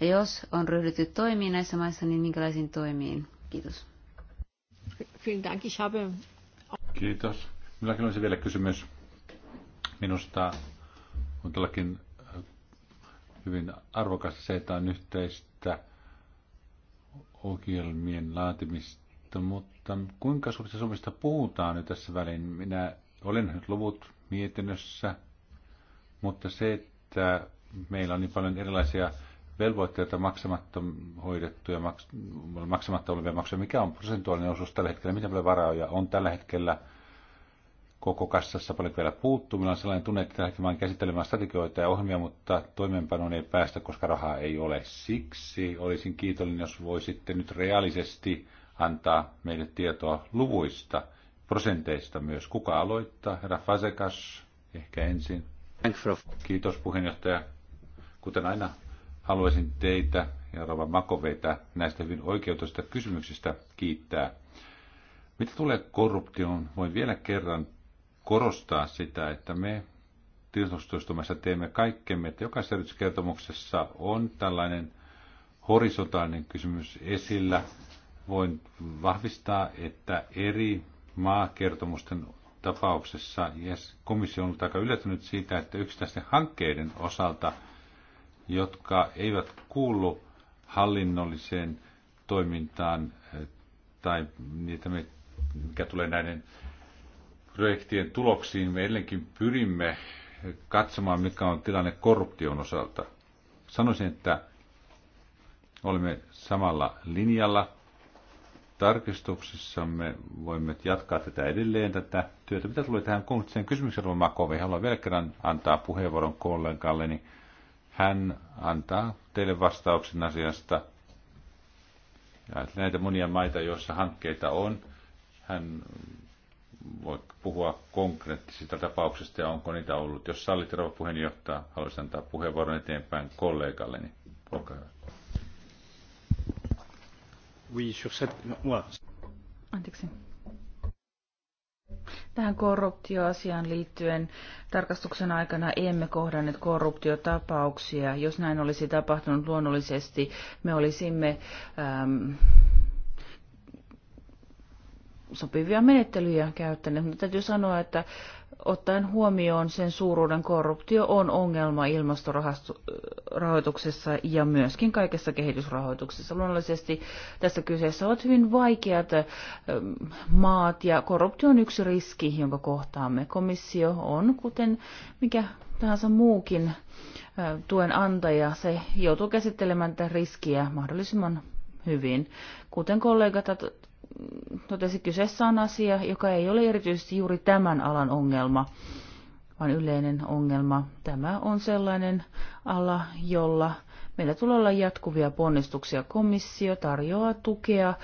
Ja jos on ryhdytty toimiin näissä maissa, niin minkälaisiin toimiin? Kiitos. Kiitos. Minäkin olisin vielä kysymys. Minusta on todellakin äh, hyvin arvokasta se, että on yhteistä ohjelmien laatimista, mutta kuinka suurista summista puhutaan nyt tässä väliin? Minä olen nyt luvut mietinnössä, mutta se, että meillä on niin paljon erilaisia velvoitteita maksamatta hoidettuja, maks, maksamatta olevia maksuja, mikä on prosentuaalinen osuus tällä hetkellä, miten paljon varoja on tällä hetkellä – koko kassassa paljon vielä puuttuu. Meillä on sellainen tunne, että täälläkin vain käsittelemään strategioita ja ohjelmia, mutta toimeenpanoon ei päästä, koska rahaa ei ole. Siksi olisin kiitollinen, jos voisitte nyt reaalisesti antaa meille tietoa luvuista, prosenteista myös. Kuka aloittaa? Herra Fasekas, ehkä ensin. Kiitos puheenjohtaja. Kuten aina haluaisin teitä ja Rova Makoveita näistä hyvin oikeutuista kysymyksistä kiittää. Mitä tulee korruptioon, voin vielä kerran korostaa sitä, että me tietoistuistumassa teemme kaikkemme, että jokaisessa kertomuksessa on tällainen horisontaalinen kysymys esillä. Voin vahvistaa, että eri maakertomusten tapauksessa yes, komissio on ollut aika yllättynyt siitä, että yksittäisten hankkeiden osalta, jotka eivät kuulu hallinnolliseen toimintaan eh, tai niitä, mikä tulee näiden projektien tuloksiin me edelleenkin pyrimme katsomaan, mikä on tilanne korruption osalta. Sanoisin, että olemme samalla linjalla. Tarkistuksissamme voimme jatkaa tätä edelleen tätä työtä. Mitä tulee tähän konkreettiseen kysymykseen, Rova Makovi, haluan vielä kerran antaa puheenvuoron niin Hän antaa teille vastauksen asiasta. Ja näitä monia maita, joissa hankkeita on, hän Voit puhua konkreettisista tapauksista ja onko niitä ollut. Jos sallit, rouva puheenjohtaja, haluaisin antaa puheenvuoron eteenpäin kollegalleni. Olkaa hyvä. Oui, sur cette... Anteeksi. Tähän korruptioasiaan liittyen tarkastuksen aikana emme kohdanneet korruptiotapauksia. Jos näin olisi tapahtunut luonnollisesti, me olisimme ähm, sopivia menettelyjä käyttäneet, mutta täytyy sanoa, että ottaen huomioon sen suuruuden korruptio on ongelma ilmastorahoituksessa ja myöskin kaikessa kehitysrahoituksessa. Luonnollisesti tässä kyseessä ovat hyvin vaikeat maat ja korruptio on yksi riski, jonka kohtaamme. Komissio on, kuten mikä tahansa muukin tuen antaja, se joutuu käsittelemään tätä riskiä mahdollisimman hyvin. Kuten kollegat totesi, kyseessä on asia, joka ei ole erityisesti juuri tämän alan ongelma, vaan yleinen ongelma. Tämä on sellainen ala, jolla meillä tulee olla jatkuvia ponnistuksia. Komissio tarjoaa tukea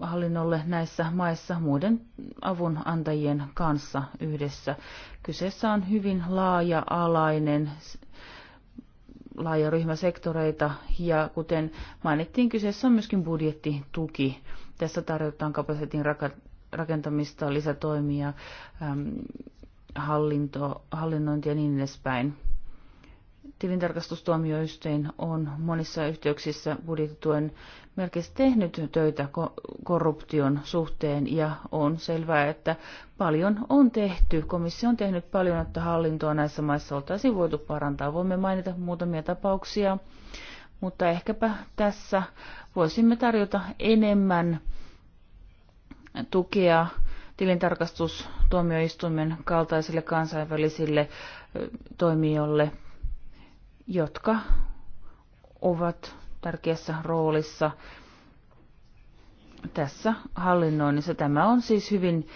hallinnolle näissä maissa muiden avunantajien kanssa yhdessä. Kyseessä on hyvin laaja-alainen laaja ryhmä sektoreita ja kuten mainittiin, kyseessä on myöskin budjettituki tässä tarjotaan kapasiteetin rakentamista, lisätoimia, hallinto, hallinnointia ja niin edespäin. Tilintarkastustuomioistuin on monissa yhteyksissä budjettituen merkissä tehnyt töitä korruption suhteen ja on selvää, että paljon on tehty. Komissio on tehnyt paljon, että hallintoa näissä maissa oltaisiin voitu parantaa. Voimme mainita muutamia tapauksia, mutta ehkäpä tässä voisimme tarjota enemmän tukea tilintarkastustuomioistuimen kaltaisille kansainvälisille toimijoille, jotka ovat tärkeässä roolissa tässä hallinnoinnissa. Tämä on siis hyvin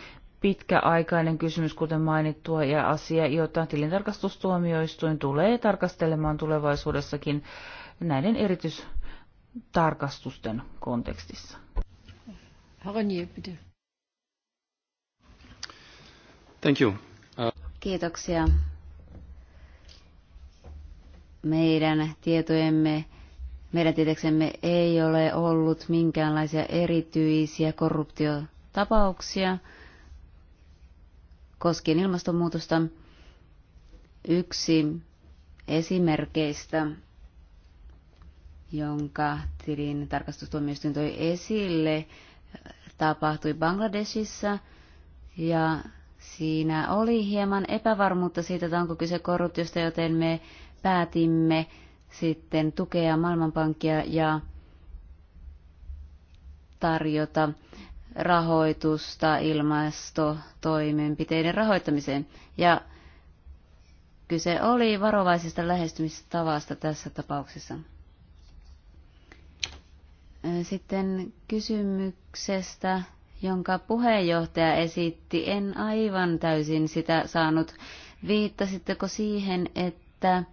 pitkäaikainen kysymys, kuten mainittua, ja asia, jota tilintarkastustuomioistuin tulee tarkastelemaan tulevaisuudessakin näiden erityis tarkastusten kontekstissa. Thank you. Kiitoksia. Meidän tietojemme meidän tietäksemme ei ole ollut minkäänlaisia erityisiä korruptiotapauksia koskien ilmastonmuutosta. Yksi esimerkkeistä jonka tilin tarkastustuomioistuin toi esille, tapahtui Bangladesissa ja siinä oli hieman epävarmuutta siitä, että onko kyse korruptiosta, joten me päätimme sitten tukea Maailmanpankkia ja tarjota rahoitusta ilmastotoimenpiteiden rahoittamiseen. Ja kyse oli varovaisesta lähestymistavasta tässä tapauksessa. Sitten kysymyksestä, jonka puheenjohtaja esitti. En aivan täysin sitä saanut. Viittasitteko siihen, että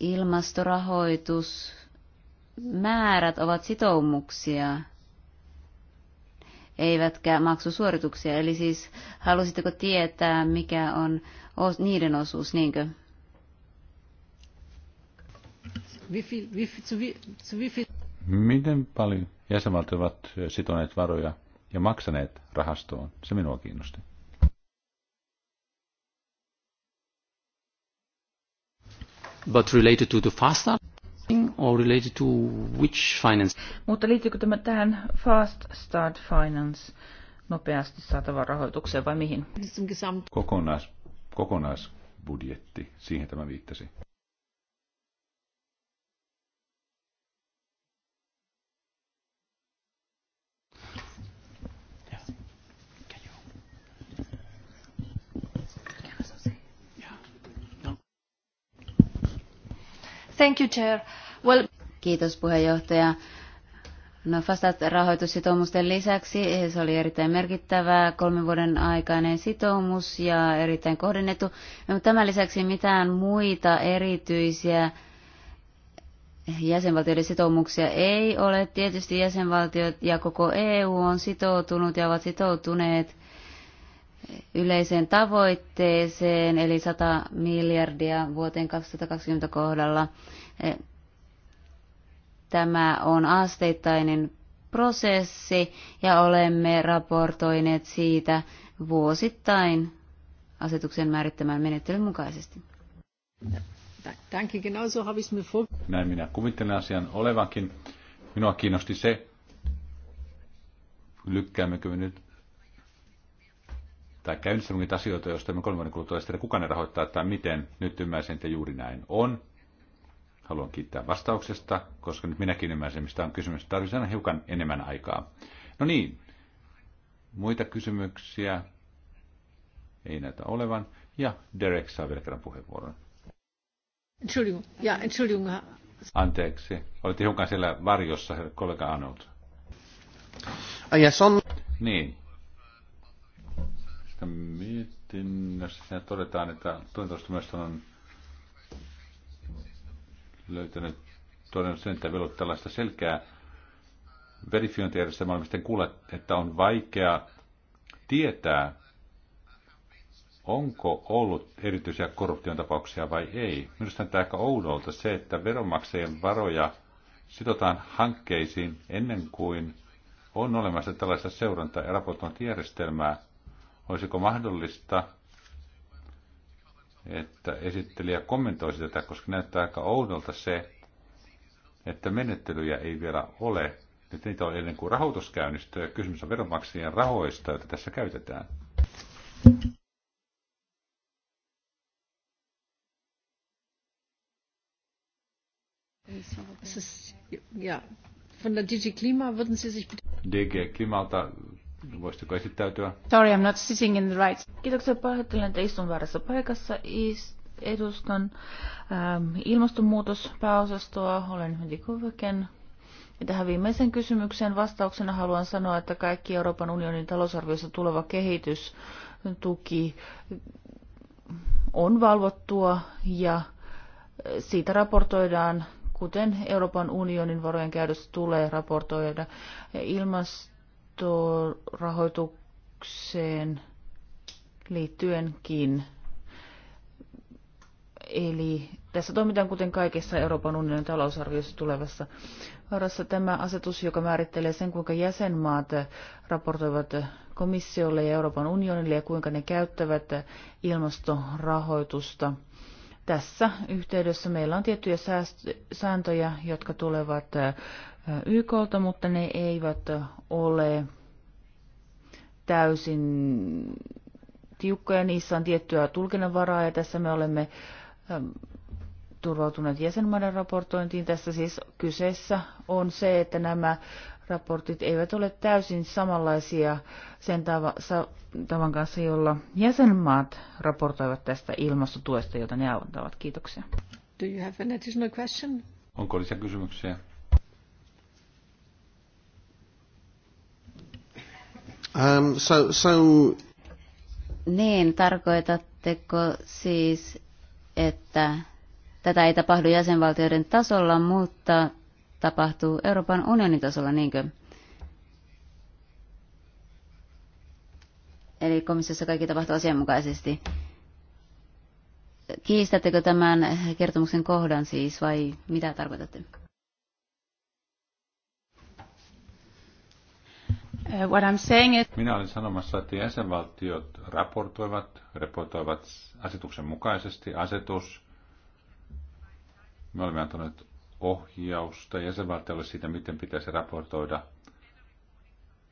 ilmastorahoitusmäärät ovat sitoumuksia, eivätkä maksusuorituksia? Eli siis halusitteko tietää, mikä on niiden osuus, niinkö? Wie viel, wie viel, zu wie, zu wie viel Miten paljon jäsenvaltiot ovat sitoneet varoja ja maksaneet rahastoon? Se minua kiinnosti. But related to the FASTA or related to which finance? Mutta liittyykö tämä tähän Fast Start Finance nopeasti saatavaan rahoitukseen vai mihin? Kokonais, kokonaisbudjetti, siihen tämä viittasi. Thank you, Chair. Well... Kiitos puheenjohtaja. No FASTAT-rahoitussitoumusten lisäksi se oli erittäin merkittävä kolmen vuoden aikainen sitoumus ja erittäin kohdennettu. No, mutta tämän lisäksi mitään muita erityisiä jäsenvaltioiden sitoumuksia ei ole. Tietysti jäsenvaltiot ja koko EU on sitoutunut ja ovat sitoutuneet – yleiseen tavoitteeseen, eli 100 miljardia vuoteen 2020 kohdalla. E, tämä on asteittainen prosessi ja olemme raportoineet siitä vuosittain asetuksen määrittämän menettelyn mukaisesti. Näin minä kuvittelen asian olevankin. Minua kiinnosti se, lykkäämmekö me nyt tai käynnistämme asioita, joista me kolme vuoden kuluttua sitten kuka ne rahoittaa tai miten. Nyt ymmärsin, että juuri näin on. Haluan kiittää vastauksesta, koska nyt minäkin ymmärsin, mistä on kysymys. Tarvitsen aina hiukan enemmän aikaa. No niin, muita kysymyksiä ei näytä olevan. Ja Derek saa vielä kerran puheenvuoron. Entschuldigung. Ja, Anteeksi. Olette hiukan siellä varjossa, kollega Anut. Yes, on... Niin, tässä mietinnössä siinä todetaan, että myös on löytänyt todennut sen, että ei ollut tällaista selkeää verifiointijärjestelmää, mistä kuule, että on vaikea tietää, onko ollut erityisiä korruption tapauksia vai ei. Minusta tämä aika oudolta se, että veronmaksajien varoja sitotaan hankkeisiin ennen kuin on olemassa tällaista seuranta- ja raportointijärjestelmää, Olisiko mahdollista, että esittelijä kommentoisi tätä, koska näyttää aika oudolta se, että menettelyjä ei vielä ole. Nyt niitä on ennen kuin rahoitus käynnistyy. Kysymys on veronmaksajien rahoista, joita tässä käytetään. Ja, von der DG Klima würden Sie sich DG Klimalta Voisitko esittäytyä? Sorry, I'm not sitting in the right. Kiitoksia pahoittelen, että istun väärässä paikassa. edustan ähm, ilmastonmuutospääosastoa. Olen Hyndi Koveken. Ja tähän viimeisen kysymykseen vastauksena haluan sanoa, että kaikki Euroopan unionin talousarviossa tuleva kehitystuki on valvottua ja äh, siitä raportoidaan, kuten Euroopan unionin varojen käytöstä tulee raportoida. Ilmasto rahoitukseen liittyenkin. Eli tässä toimitaan kuten kaikessa Euroopan unionin talousarviossa tulevassa varassa tämä asetus, joka määrittelee sen, kuinka jäsenmaat raportoivat komissiolle ja Euroopan unionille ja kuinka ne käyttävät ilmastorahoitusta – tässä yhteydessä meillä on tiettyjä sääntöjä, jotka tulevat YKlta, mutta ne eivät ole täysin tiukkoja. Niissä on tiettyä tulkinnanvaraa ja tässä me olemme turvautuneet jäsenmaiden raportointiin. Tässä siis kyseessä on se, että nämä raportit eivät ole täysin samanlaisia sen tavan kanssa, jolla jäsenmaat raportoivat tästä ilmastotuesta, jota ne antavat. Kiitoksia. Do you have an additional question? Onko lisää kysymyksiä? Um, so, so... Niin, tarkoitatteko siis, että tätä ei tapahdu jäsenvaltioiden tasolla, mutta tapahtuu Euroopan unionin tasolla, niinkö? Eli komissiossa kaikki tapahtuu asianmukaisesti. Kiistättekö tämän kertomuksen kohdan siis vai mitä tarkoitatte? Uh, what I'm saying is... Minä olen sanomassa, että jäsenvaltiot raportoivat, raportoivat asetuksen mukaisesti asetus. Me olemme antaneet ohjausta jäsenvaltiolle siitä, miten pitäisi raportoida.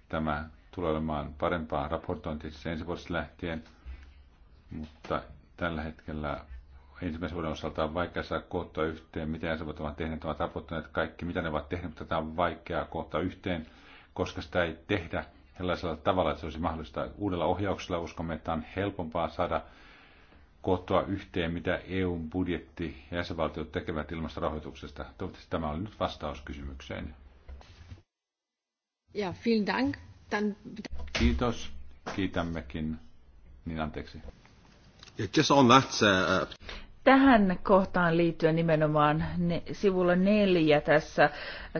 Tämä tulee olemaan parempaa raportointia siis ensi vuodesta lähtien, mutta tällä hetkellä ensimmäisen vuoden osalta on vaikea saada koottua yhteen, mitä jäsenvaltiot ovat tehneet, ovat raportoineet kaikki, mitä ne ovat tehneet, mutta tämä on vaikeaa koottaa yhteen, koska sitä ei tehdä sellaisella tavalla, että se olisi mahdollista uudella ohjauksella. Uskomme, että on helpompaa saada koottua yhteen, mitä EUn budjetti ja jäsenvaltiot tekevät ilmastorahoituksesta. Toivottavasti tämä oli nyt vastaus kysymykseen. Ja, vielen dank. Dann... Kiitos. Kiitämmekin. Niin anteeksi. Just on that, uh, uh... Tähän kohtaan liittyen nimenomaan ne, sivulla neljä tässä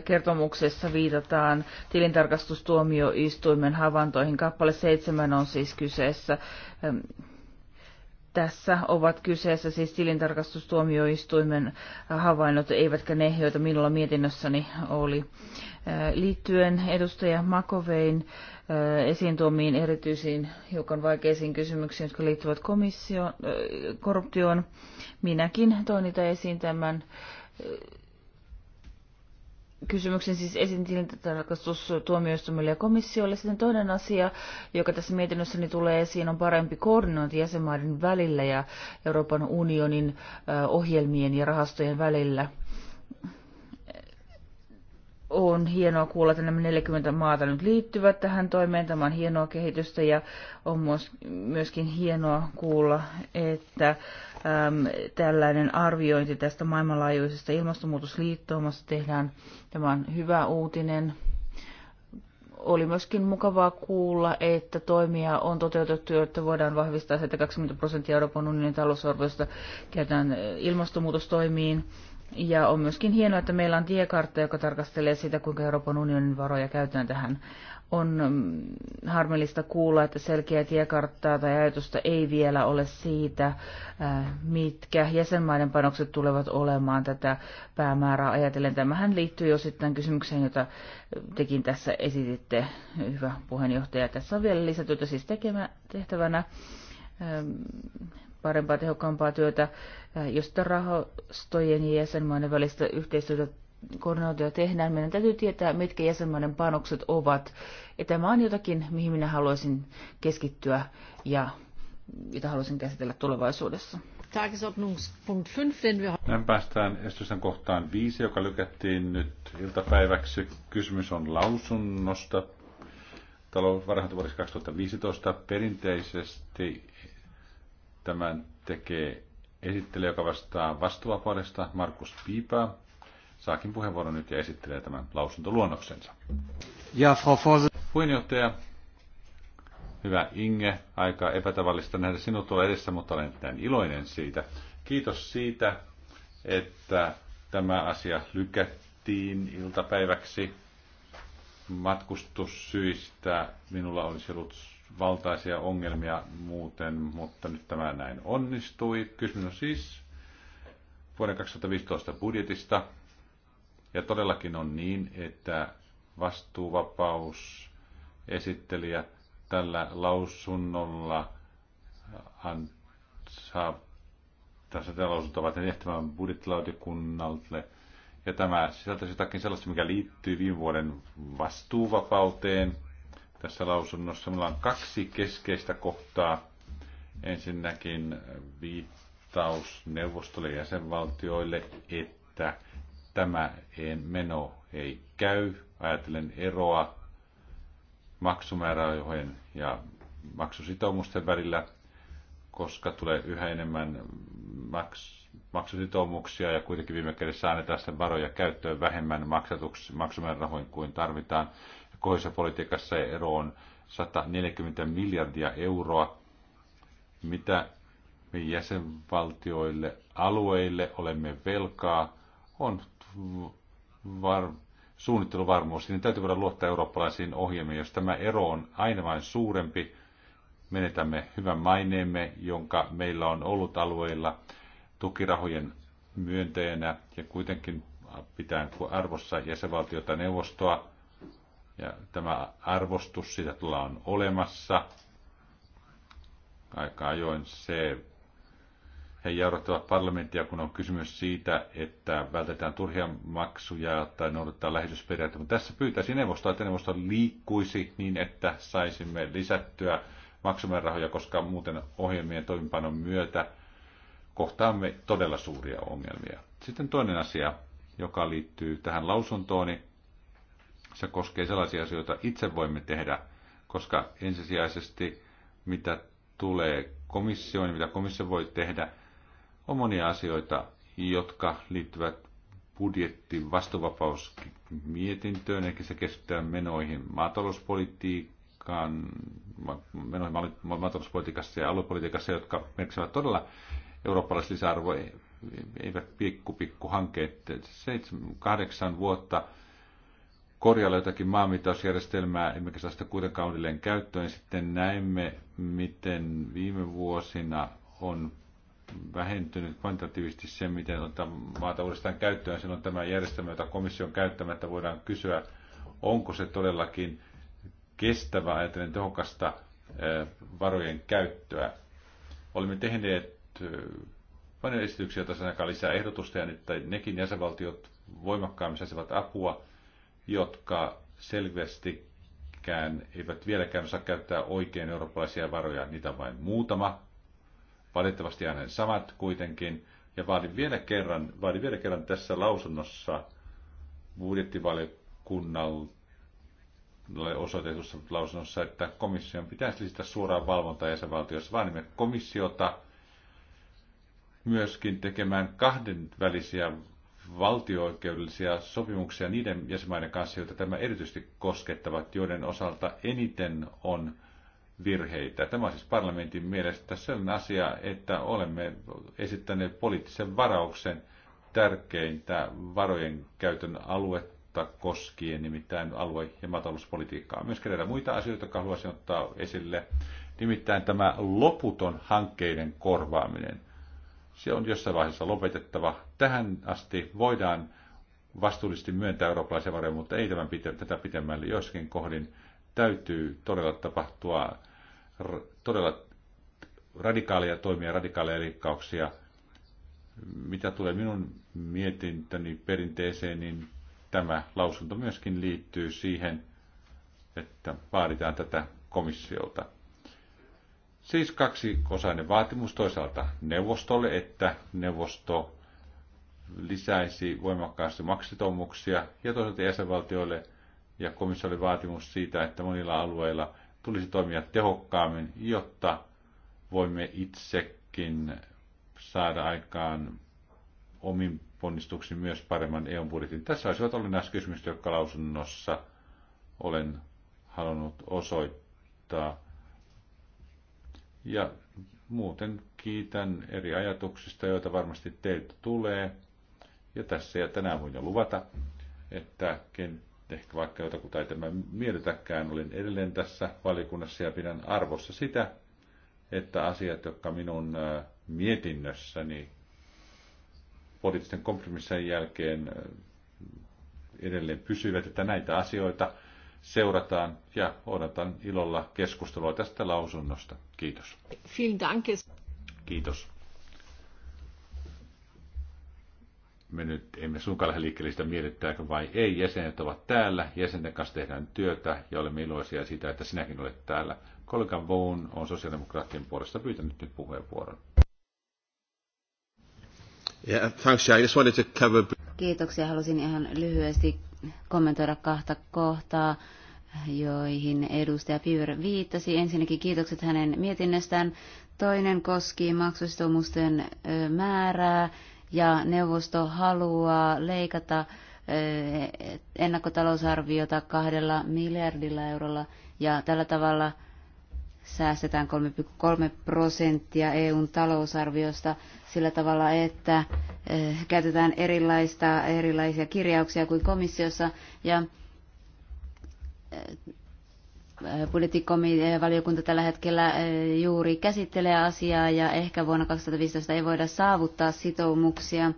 kertomuksessa viitataan tilintarkastustuomioistuimen havaintoihin. Kappale seitsemän on siis kyseessä. Um, tässä ovat kyseessä siis tilintarkastustuomioistuimen havainnot, eivätkä ne, joita minulla mietinnössäni oli. Äh, liittyen edustaja Makovein äh, esiin tuomiin erityisiin hiukan vaikeisiin kysymyksiin, jotka liittyvät komissioon, äh, korruptioon, minäkin toin niitä esiin tämän kysymyksen siis esitin tilintarkastustuomioistuimelle ja komissiolle. Sitten toinen asia, joka tässä mietinnössäni tulee esiin, on parempi koordinointi jäsenmaiden välillä ja Euroopan unionin ohjelmien ja rahastojen välillä on hienoa kuulla, että nämä 40 maata nyt liittyvät tähän toimeen. Tämä on hienoa kehitystä ja on myöskin hienoa kuulla, että äm, tällainen arviointi tästä maailmanlaajuisesta ilmastonmuutosliittoumasta tehdään. Tämä on hyvä uutinen. Oli myöskin mukavaa kuulla, että toimia on toteutettu, että voidaan vahvistaa, että 20 prosenttia Euroopan unionin talousarvoista käytetään ilmastonmuutostoimiin. Ja on myöskin hienoa, että meillä on tiekartta, joka tarkastelee sitä, kuinka Euroopan unionin varoja käytetään tähän. On mm, harmillista kuulla, että selkeää tiekarttaa tai ajatusta ei vielä ole siitä, äh, mitkä jäsenmaiden panokset tulevat olemaan tätä päämäärää ajatellen. Tämähän liittyy jo sitten kysymykseen, jota tekin tässä esititte, hyvä puheenjohtaja. Tässä on vielä lisätyötä siis tekemä, tehtävänä ähm, parempaa, tehokkaampaa työtä, jos rahastojen ja jäsenmaiden välistä yhteistyötä koordinaatio tehdään, meidän täytyy tietää, mitkä jäsenmaiden panokset ovat. Ja tämä on jotakin, mihin minä haluaisin keskittyä ja mitä haluaisin käsitellä tulevaisuudessa. Tagesordnungspunkt 5, den Näin päästään esitysten kohtaan 5, joka lykättiin nyt iltapäiväksi. Kysymys on lausunnosta talousvarhaintovuodessa 2015 perinteisesti Tämän tekee esittelijä, joka vastaa vastuvapaudesta, Markus Piipää. Saakin puheenvuoron nyt ja esittelee tämän lausuntoluonnoksensa. Ja, Frau Puheenjohtaja, hyvä Inge, aika epätavallista nähdä sinut tuolla edessä, mutta olen tämän iloinen siitä. Kiitos siitä, että tämä asia lykättiin iltapäiväksi matkustussyistä. Minulla olisi ollut valtaisia ongelmia muuten, mutta nyt tämä näin onnistui. Kysymys on siis vuoden 2015 budjetista. Ja todellakin on niin, että vastuuvapaus esittelijä tällä lausunnolla äh, saa tässä tällä lausunto ovat tehtävän budjettilautikunnalle. Ja tämä sisältäisi jotakin sellaista, mikä liittyy viime vuoden vastuuvapauteen, tässä lausunnossa. Meillä on kaksi keskeistä kohtaa. Ensinnäkin viittaus neuvostolle ja jäsenvaltioille, että tämä meno ei käy. Ajatellen eroa maksumääräajojen ja maksusitoumusten välillä, koska tulee yhä enemmän maks- maksusitoumuksia ja kuitenkin viime kädessä annetaan sitten varoja käyttöön vähemmän maksatuks- maksumäärärahoin kuin tarvitaan kohesiopolitiikassa ero on 140 miljardia euroa, mitä me jäsenvaltioille, alueille olemme velkaa, on var, suunnitteluvarmuus. Niin täytyy voida luottaa eurooppalaisiin ohjelmiin. Jos tämä ero on aina vain suurempi, menetämme hyvän maineemme, jonka meillä on ollut alueilla tukirahojen myöntäjänä ja kuitenkin pitää arvossa jäsenvaltiota neuvostoa. Ja tämä arvostus, sitä tulla on olemassa. Aika ajoin se he jarruttavat parlamenttia, kun on kysymys siitä, että vältetään turhia maksuja tai noudatetaan lähetysperiaatteita. Mutta tässä pyytäisin neuvostoa, että neuvosto liikkuisi niin, että saisimme lisättyä maksumäärärahoja, koska muuten ohjelmien toimipanon myötä kohtaamme todella suuria ongelmia. Sitten toinen asia, joka liittyy tähän lausuntooni, se koskee sellaisia asioita, joita itse voimme tehdä, koska ensisijaisesti mitä tulee komissioon mitä komissio voi tehdä, on monia asioita, jotka liittyvät budjetti vastuvapausmietintöön, eli se keskittyy menoihin maatalouspolitiikkaan, menoihin maatalouspolitiikassa ja aluepolitiikassa, jotka merkitsevät todella eurooppalaista lisäarvoa, eivät pikku pikku hankkeet. Seitsemän, kahdeksan vuotta korjailla jotakin maanmittausjärjestelmää, emmekä saa sitä kuitenkaan uudelleen käyttöön. Sitten näemme, miten viime vuosina on vähentynyt kvantitatiivisesti se, miten ottaa maata uudestaan käyttöön. Silloin tämä järjestelmä, jota komission käyttämättä, voidaan kysyä, onko se todellakin kestävä ajatellen tehokasta varojen käyttöä. Olemme tehneet paljon esityksiä, joita lisää ehdotusta, ja nyt nekin jäsenvaltiot voimakkaammin saisivat apua jotka selvästikään eivät vieläkään saa käyttää oikein eurooppalaisia varoja. Niitä on vain muutama, valitettavasti aina samat kuitenkin. Ja vaadin vielä kerran, vaadin vielä kerran tässä lausunnossa budjettivaliokunnalle osoitetussa lausunnossa, että komission pitäisi lisätä suoraan valvontaa jäsenvaltiossa. vaan komissiota myöskin tekemään kahdenvälisiä valtio-oikeudellisia sopimuksia niiden jäsenmaiden kanssa, joita tämä erityisesti koskettavat, joiden osalta eniten on virheitä. Tämä on siis parlamentin mielestä sellainen asia, että olemme esittäneet poliittisen varauksen tärkeintä varojen käytön aluetta koskien, nimittäin alue- ja maatalouspolitiikkaa. Myös kerätä muita asioita, jotka haluaisin ottaa esille, nimittäin tämä loputon hankkeiden korvaaminen – se on jossain vaiheessa lopetettava. Tähän asti voidaan vastuullisesti myöntää eurooppalaisia varoja, mutta ei tämän pitä, tätä pitemmälle. Joskin kohdin täytyy todella tapahtua todella radikaaleja toimia, radikaaleja liikkauksia. Mitä tulee minun mietintäni perinteeseen, niin tämä lausunto myöskin liittyy siihen, että vaaditaan tätä komissiolta. Siis kaksikosainen vaatimus toisaalta neuvostolle, että neuvosto lisäisi voimakkaasti maksitomuksia ja toisaalta jäsenvaltioille ja komissiolle vaatimus siitä, että monilla alueilla tulisi toimia tehokkaammin, jotta voimme itsekin saada aikaan omin ponnistuksiin myös paremman EU-budjetin. Tässä ollut näissä kysymyksissä, jotka lausunnossa olen halunnut osoittaa ja muuten kiitän eri ajatuksista, joita varmasti teiltä tulee. Ja tässä ja tänään voin jo luvata, että ehkä vaikka jotakuta ei tämä miellytäkään, olen edelleen tässä valikunnassa ja pidän arvossa sitä, että asiat, jotka minun mietinnössäni poliittisten kompromissien jälkeen edelleen pysyvät, että näitä asioita seurataan ja odotan ilolla keskustelua tästä lausunnosta. Kiitos. Kiitos. Me nyt emme suinkaan lähde liikkeelle sitä vai ei. Jäsenet ovat täällä, jäsenten kanssa tehdään työtä ja olemme iloisia siitä, että sinäkin olet täällä. Kollega Vaughan on sosiaalidemokraattien puolesta pyytänyt nyt puheenvuoron. Yeah, thanks, I just wanted to cover... Kiitoksia. Halusin ihan lyhyesti kommentoida kahta kohtaa, joihin edustaja Piver viittasi. Ensinnäkin kiitokset hänen mietinnöstään. Toinen koski maksusitoumusten määrää ja neuvosto haluaa leikata ennakkotalousarviota kahdella miljardilla eurolla ja tällä tavalla säästetään 3,3 prosenttia EUn talousarviosta sillä tavalla, että eh, käytetään erilaista, erilaisia kirjauksia kuin komissiossa ja eh, valiokunta tällä hetkellä eh, juuri käsittelee asiaa ja ehkä vuonna 2015 ei voida saavuttaa sitoumuksia.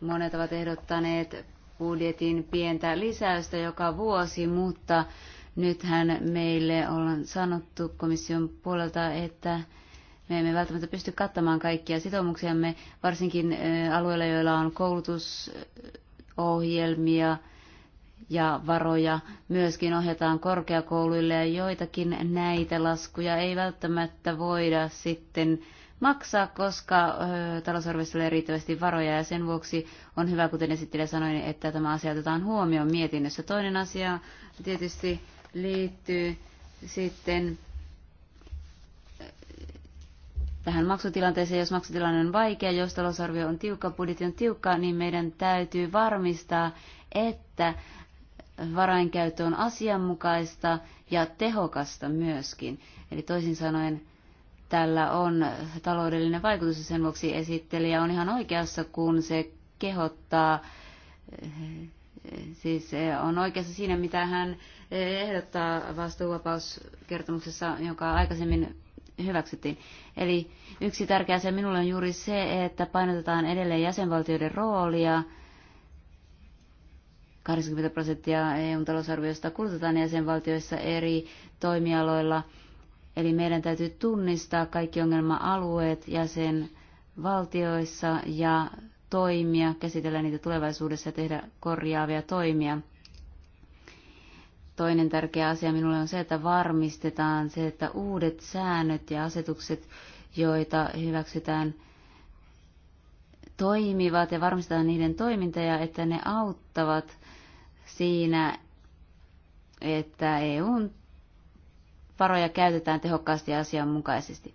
Monet ovat ehdottaneet budjetin pientä lisäystä joka vuosi, mutta Nythän meille on sanottu komission puolelta, että me emme välttämättä pysty kattamaan kaikkia sitoumuksiamme, varsinkin alueilla, joilla on koulutusohjelmia ja varoja. Myöskin ohjataan korkeakouluille ja joitakin näitä laskuja ei välttämättä voida sitten maksaa, koska talousarviossa ei riittävästi varoja ja sen vuoksi on hyvä, kuten esittelijä sanoi, että tämä asia otetaan huomioon mietinnössä. Toinen asia tietysti liittyy sitten äh, tähän maksutilanteeseen, jos maksutilanne on vaikea, jos talousarvio on tiukka, budjetti on tiukka, niin meidän täytyy varmistaa, että varainkäyttö on asianmukaista ja tehokasta myöskin. Eli toisin sanoen tällä on taloudellinen vaikutus ja sen vuoksi esittelijä on ihan oikeassa, kun se kehottaa äh, siis eh, on oikeassa siinä, mitä hän eh, ehdottaa vastuuvapauskertomuksessa, joka aikaisemmin hyväksyttiin. Eli yksi tärkeä asia minulle on juuri se, että painotetaan edelleen jäsenvaltioiden roolia. 80 prosenttia EUn talousarviosta kulutetaan jäsenvaltioissa eri toimialoilla. Eli meidän täytyy tunnistaa kaikki ongelma-alueet jäsenvaltioissa ja toimia, käsitellä niitä tulevaisuudessa ja tehdä korjaavia toimia. Toinen tärkeä asia minulle on se, että varmistetaan se, että uudet säännöt ja asetukset, joita hyväksytään, toimivat ja varmistetaan niiden toiminta ja että ne auttavat siinä, että EUn varoja käytetään tehokkaasti ja asianmukaisesti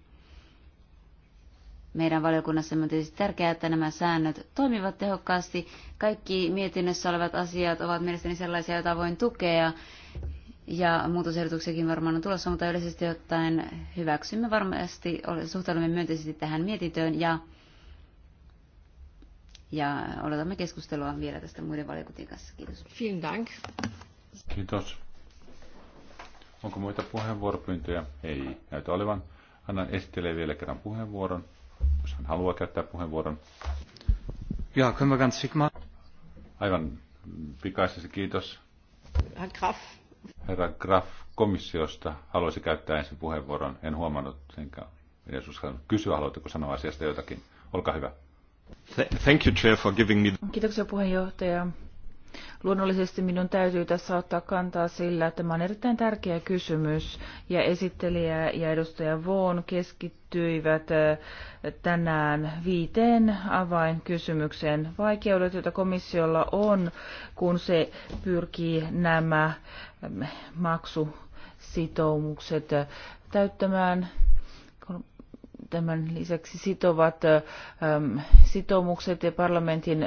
meidän valiokunnassamme on tietysti tärkeää, että nämä säännöt toimivat tehokkaasti. Kaikki mietinnössä olevat asiat ovat mielestäni sellaisia, joita voin tukea. Ja muutosehdotuksiakin varmaan on tulossa, mutta yleisesti ottaen hyväksymme varmasti, suhtaudumme myönteisesti tähän mietintöön ja, ja odotamme keskustelua vielä tästä muiden valiokuntien kanssa. Kiitos. Vielen dank. Kiitos. Onko muita puheenvuoropyyntöjä? Ei näytä olevan. Annan esittelee vielä kerran puheenvuoron jos hän haluaa käyttää puheenvuoron. Ja, können wir ganz schick machen. Aivan pikaisesti kiitos. Herr Graf. Herra Graf komissiosta haluaisi käyttää ensin puheenvuoron. En huomannut, senkään, Jos uskallanut kysyä, haluatteko sanoa asiasta jotakin. Olkaa hyvä. Thank you, Chair, for giving me... Kiitoksia puheenjohtaja Luonnollisesti minun täytyy tässä ottaa kantaa sillä, että tämä on erittäin tärkeä kysymys ja esittelijä ja edustaja Voon keskittyivät tänään viiteen avainkysymykseen. Vaikeudet, joita komissiolla on, kun se pyrkii nämä maksusitoumukset täyttämään tämän lisäksi sitovat sitoumukset ja parlamentin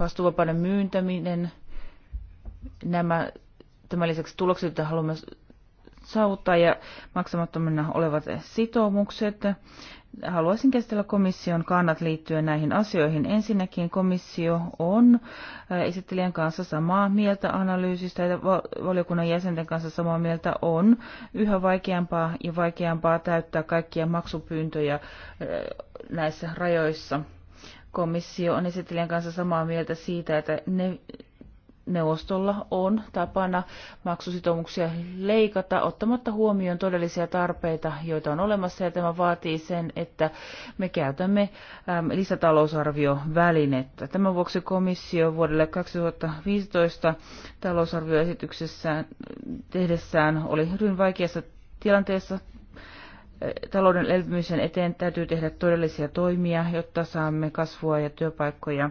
vastuuvapauden myyntäminen, nämä, tämän lisäksi tulokset, joita haluamme saavuttaa ja maksamattomina olevat sitoumukset. Haluaisin käsitellä komission kannat liittyen näihin asioihin. Ensinnäkin komissio on äh, esittelijän kanssa samaa mieltä analyysistä ja valiokunnan jäsenten kanssa samaa mieltä on yhä vaikeampaa ja vaikeampaa täyttää kaikkia maksupyyntöjä äh, näissä rajoissa komissio on esittelijän kanssa samaa mieltä siitä, että ne, neuvostolla on tapana maksusitoumuksia leikata ottamatta huomioon todellisia tarpeita, joita on olemassa, ja tämä vaatii sen, että me käytämme äm, lisätalousarviovälinettä. Tämän vuoksi komissio vuodelle 2015 talousarvioesityksessään tehdessään oli hyvin vaikeassa tilanteessa talouden elpymisen eteen täytyy tehdä todellisia toimia, jotta saamme kasvua ja työpaikkoja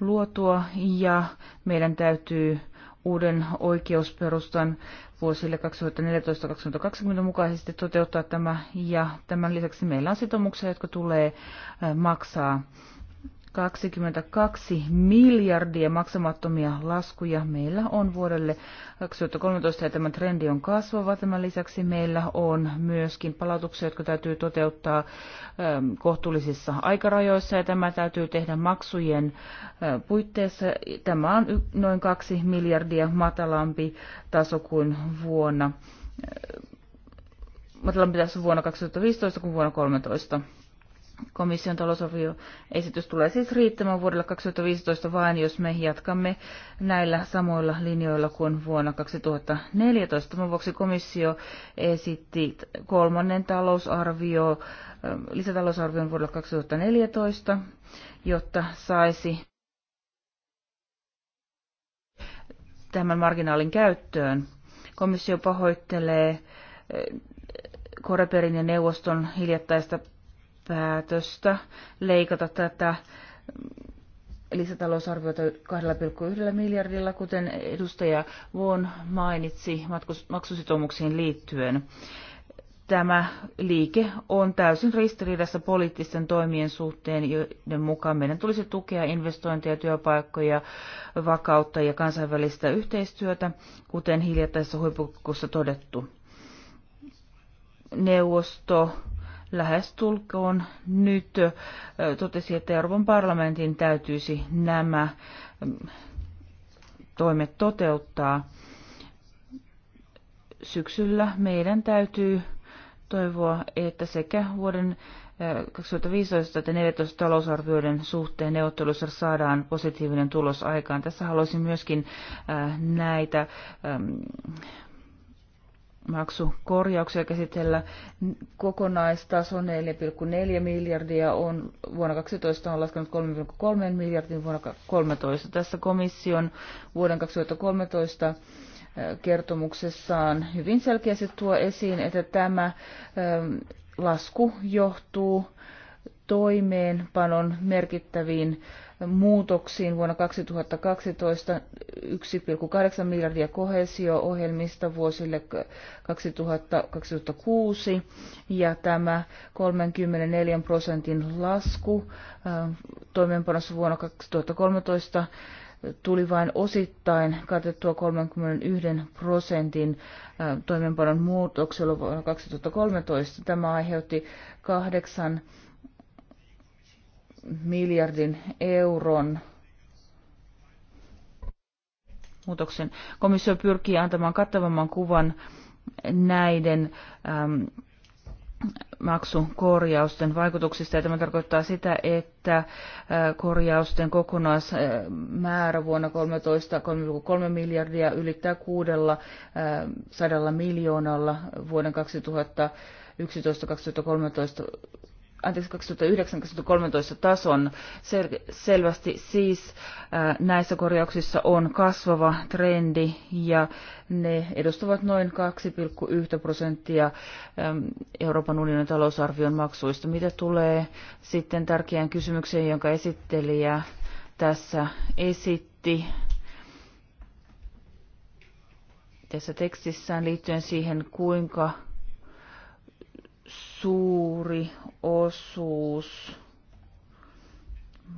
luotua ja meidän täytyy uuden oikeusperustan vuosille 2014-2020 mukaisesti toteuttaa tämä ja tämän lisäksi meillä on sitoumuksia, jotka tulee maksaa 22 miljardia maksamattomia laskuja meillä on vuodelle 2013 ja tämä trendi on kasvava. Tämän lisäksi meillä on myöskin palautuksia, jotka täytyy toteuttaa ähm, kohtuullisissa aikarajoissa ja tämä täytyy tehdä maksujen äh, puitteissa. Tämä on noin 2 miljardia matalampi taso kuin vuonna äh, matalampi tässä vuonna 2015 kuin vuonna 2013. Komission talousarvioesitys tulee siis riittämään vuodelle 2015 vain, jos me jatkamme näillä samoilla linjoilla kuin vuonna 2014. Tämän vuoksi komissio esitti kolmannen talousarvio, ähm, lisätalousarvion vuodelle 2014, jotta saisi tämän marginaalin käyttöön. Komissio pahoittelee äh, Koreperin ja neuvoston hiljattaista päätöstä leikata tätä lisätalousarviota 2,1 miljardilla, kuten edustaja Vuon mainitsi maksusitoumuksiin liittyen. Tämä liike on täysin ristiriidassa poliittisten toimien suhteen, joiden mukaan meidän tulisi tukea investointeja, työpaikkoja, vakautta ja kansainvälistä yhteistyötä, kuten hiljattaessa huippukokouksessa todettu. Neuvosto lähestulkoon nyt totesi, että Euroopan parlamentin täytyisi nämä toimet toteuttaa. Syksyllä meidän täytyy toivoa, että sekä vuoden 2015 ja 2014 talousarvioiden suhteen neuvotteluissa saadaan positiivinen tulos aikaan. Tässä haluaisin myöskin näitä maksukorjauksia käsitellä. Kokonaistaso 4,4 miljardia on vuonna 2012 on laskenut 3,3 miljardin vuonna 2013. Tässä komission vuoden 2013 äh, kertomuksessaan hyvin selkeästi tuo esiin, että tämä ähm, lasku johtuu toimeenpanon merkittäviin muutoksiin vuonna 2012 1,8 miljardia kohesio-ohjelmista vuosille 2006 ja tämä 34 prosentin lasku äh, toimeenpanossa vuonna 2013 tuli vain osittain katettua 31 prosentin äh, toimeenpanon muutoksella vuonna 2013. Tämä aiheutti kahdeksan miljardin euron muutoksen. Komissio pyrkii antamaan kattavamman kuvan näiden ähm, maksukorjausten vaikutuksista. Ja tämä tarkoittaa sitä, että äh, korjausten kokonaismäärä vuonna 2013 3,3 miljardia ylittää 600 äh, miljoonalla vuoden 2011-2013 anteeksi, 2009-2013 tason sel- selvästi siis ää, äh, näissä korjauksissa on kasvava trendi ja ne edustavat noin 2,1 prosenttia ähm, Euroopan unionin talousarvion maksuista. Mitä tulee sitten tärkeään kysymykseen, jonka esittelijä tässä esitti tässä tekstissään liittyen siihen, kuinka suuri osuus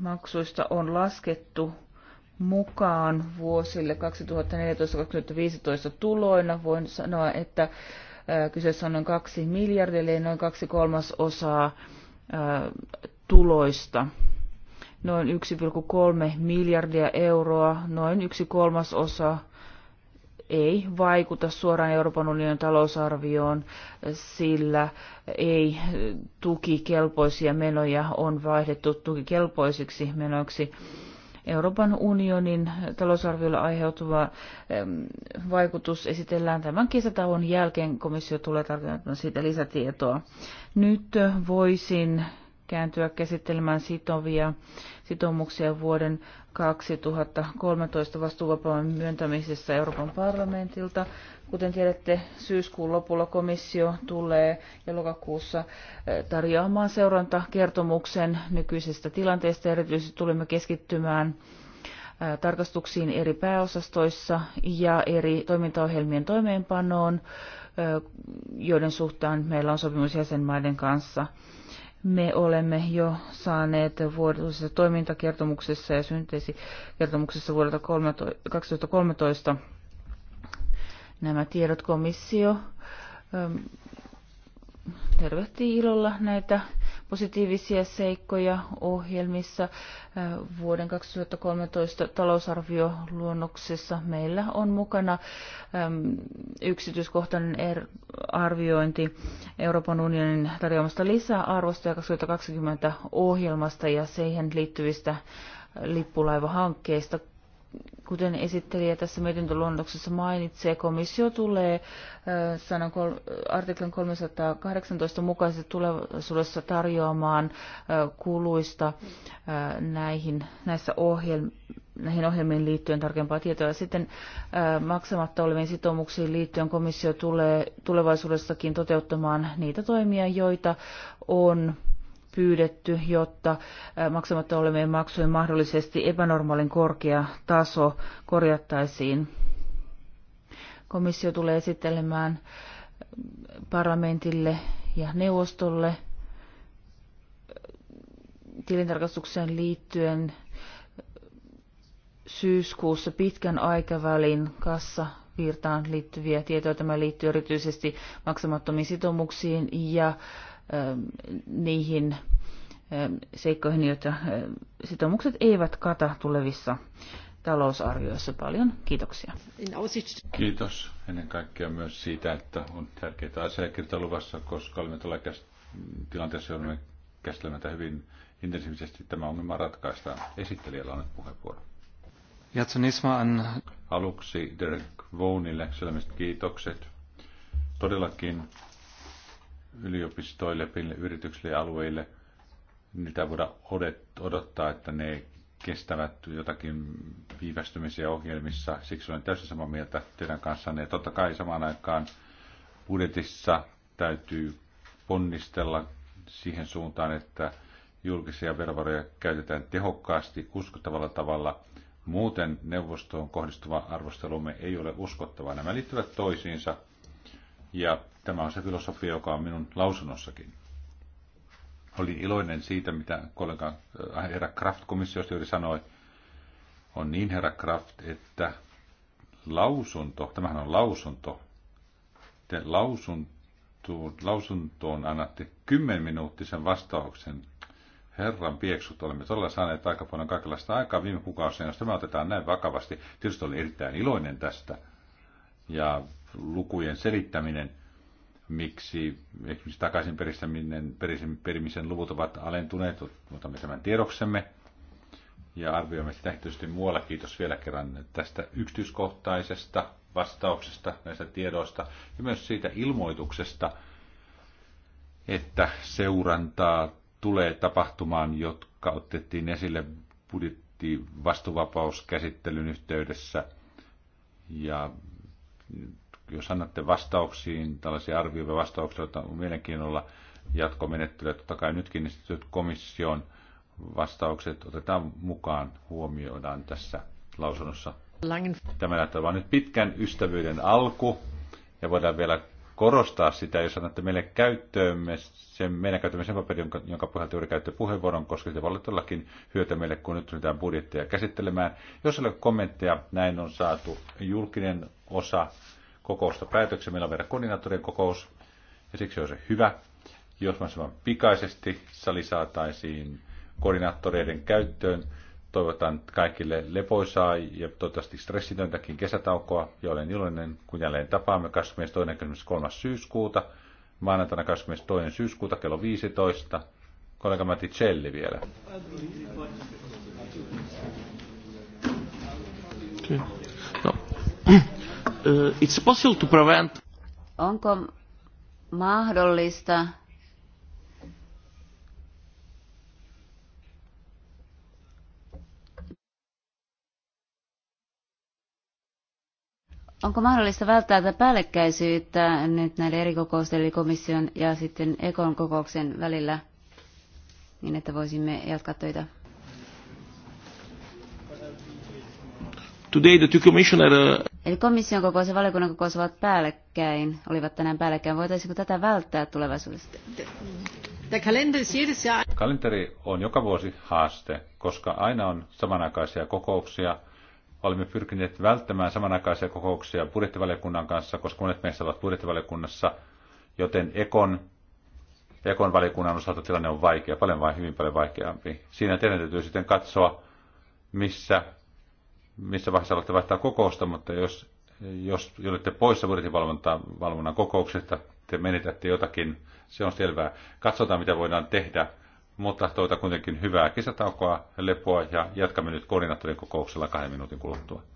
maksuista on laskettu mukaan vuosille 2014-2015 tuloina. Voin sanoa, että kyseessä on noin 2 miljardia, eli noin kaksi kolmasosaa tuloista. Noin 1,3 miljardia euroa, noin yksi kolmasosa ei vaikuta suoraan Euroopan unionin talousarvioon, sillä ei tukikelpoisia menoja on vaihdettu tukikelpoisiksi menoiksi. Euroopan unionin talousarviolla aiheutuva vaikutus esitellään tämän kesätauon jälkeen. Komissio tulee tarkoittamaan siitä lisätietoa. Nyt voisin kääntyä käsittelemään sitovia sitoumuksia vuoden 2013 vastuuvapauden myöntämisessä Euroopan parlamentilta. Kuten tiedätte, syyskuun lopulla komissio tulee ja lokakuussa eh, tarjoamaan seurantakertomuksen nykyisestä tilanteesta. Erityisesti tulemme keskittymään eh, tarkastuksiin eri pääosastoissa ja eri toimintaohjelmien toimeenpanoon, eh, joiden suhtaan meillä on sopimus jäsenmaiden kanssa – me olemme jo saaneet vuotuisessa toimintakertomuksessa ja synteesikertomuksessa vuodelta 2013 nämä tiedot komissio ähm, tervehtii ilolla näitä positiivisia seikkoja ohjelmissa. Vuoden 2013 talousarvioluonnoksessa meillä on mukana yksityiskohtainen er-, arviointi Euroopan unionin tarjoamasta lisäarvosta ja 2020 ohjelmasta ja siihen liittyvistä lippulaivahankkeista kuten esittelijä tässä mietintöluonnoksessa mainitsee, komissio tulee äh, sanan artiklan 318 mukaisesti tulevaisuudessa tarjoamaan äh, kuluista äh, näihin, näissä ohjelmi, näihin ohjelmiin liittyen tarkempaa tietoa. Sitten maksamatta oleviin sitoumuksiin liittyen komissio tulee tulevaisuudessakin toteuttamaan niitä toimia, joita on pyydetty, jotta maksamatta olevien maksujen mahdollisesti epänormaalin korkea taso korjattaisiin. Komissio tulee esittelemään parlamentille ja neuvostolle tilintarkastukseen liittyen syyskuussa pitkän aikavälin kassa virtaan liittyviä tietoja. Tämä liittyy erityisesti maksamattomiin sitoumuksiin ja niihin seikkoihin, joita sitoumukset eivät kata tulevissa talousarvioissa. Paljon kiitoksia. Kiitos ennen kaikkea myös siitä, että on tärkeitä asiakirjoita luvassa, koska olemme tällä tilanteessa, joudumme käsittelemään hyvin intensiivisesti. Tämä ongelma ratkaistaan. Esittelijällä on nyt puheenvuoro. Ja an... Aluksi Derek Vounille kiitokset. Todellakin yliopistoille, pienille yrityksille ja alueille, niin niitä voida odottaa, että ne kestävät jotakin viivästymisiä ohjelmissa. Siksi olen täysin samaa mieltä teidän kanssanne. Ja totta kai samaan aikaan budjetissa täytyy ponnistella siihen suuntaan, että julkisia verovaroja käytetään tehokkaasti, uskottavalla tavalla. Muuten neuvostoon kohdistuva arvostelumme ei ole uskottava. Nämä liittyvät toisiinsa. Ja tämä on se filosofia, joka on minun lausunnossakin. Olin iloinen siitä, mitä kollega äh, herra Kraft komissiosta juuri sanoi. On niin herra Kraft, että lausunto, tämähän on lausunto, te lausuntoon, lausuntoon annatte kymmenminuuttisen vastauksen. Herran pieksut, olemme todella saaneet aika paljon kaikenlaista aikaa viime kuukausina, jos tämä otetaan näin vakavasti. Tietysti olin erittäin iloinen tästä. Ja lukujen selittäminen, miksi esimerkiksi takaisin perimisen, perimisen luvut ovat alentuneet, otamme tämän tiedoksemme ja arvioimme sitä tietysti muualla. Kiitos vielä kerran tästä yksityiskohtaisesta vastauksesta, näistä tiedoista ja myös siitä ilmoituksesta, että seurantaa tulee tapahtumaan, jotka otettiin esille budjettivastuvapauskäsittelyn yhteydessä. Ja jos annatte vastauksiin, tällaisia arvioivia vastauksia, joita on mielenkiinnolla jatkomenettelyä, totta kai nytkin esitetyt komission vastaukset otetaan mukaan, huomioidaan tässä lausunnossa. Tämä näyttää vain nyt pitkän ystävyyden alku, ja voidaan vielä korostaa sitä, jos annatte meille käyttöömme sen, meidän käyttöömme sen paperin, jonka, jonka pohjalta juuri käytte puheenvuoron, koska se voi olla hyötyä meille, kun nyt ryhdytään budjetteja käsittelemään. Jos ei ole kommentteja, näin on saatu julkinen osa kokousta päätöksen. Meillä on meidän koordinaattorien kokous ja siksi on se hyvä, jos mahdollisimman pikaisesti sali saataisiin koordinaattoreiden käyttöön. Toivotan kaikille lepoisaa ja toivottavasti stressitöntäkin kesätaukoa ja olen iloinen, kun jälleen tapaamme 22.23. syyskuuta, maanantaina 22. syyskuuta kello 15. Kollega celli vielä. No it's possible to prevent... Onko mahdollista Onko mahdollista välttää tätä päällekkäisyyttä nyt näiden eri kokousten, eli komission ja sitten Ekon kokouksen välillä, niin että voisimme jatkaa töitä? Today the two commissioner... Uh... Eli komission kokous ja valiokunnan kokous ovat päällekkäin, olivat tänään päällekkäin. Voitaisiinko tätä välttää tulevaisuudessa? Kalenteri on joka vuosi haaste, koska aina on samanaikaisia kokouksia. Olemme pyrkineet välttämään samanaikaisia kokouksia budjettivaliokunnan kanssa, koska monet meistä ovat budjettivaliokunnassa, joten Ekon Ekon valiokunnan osalta tilanne on vaikea, paljon vai hyvin paljon vaikeampi. Siinä teidän täytyy sitten katsoa, missä missä vaiheessa aloitte vaihtaa kokousta, mutta jos, jos olette poissa budjetinvalvonnan kokouksesta, te menetätte jotakin, se on selvää. Katsotaan, mitä voidaan tehdä, mutta toivotan kuitenkin hyvää kesätaukoa, lepoa ja jatkamme nyt koordinaattorin kokouksella kahden minuutin kuluttua.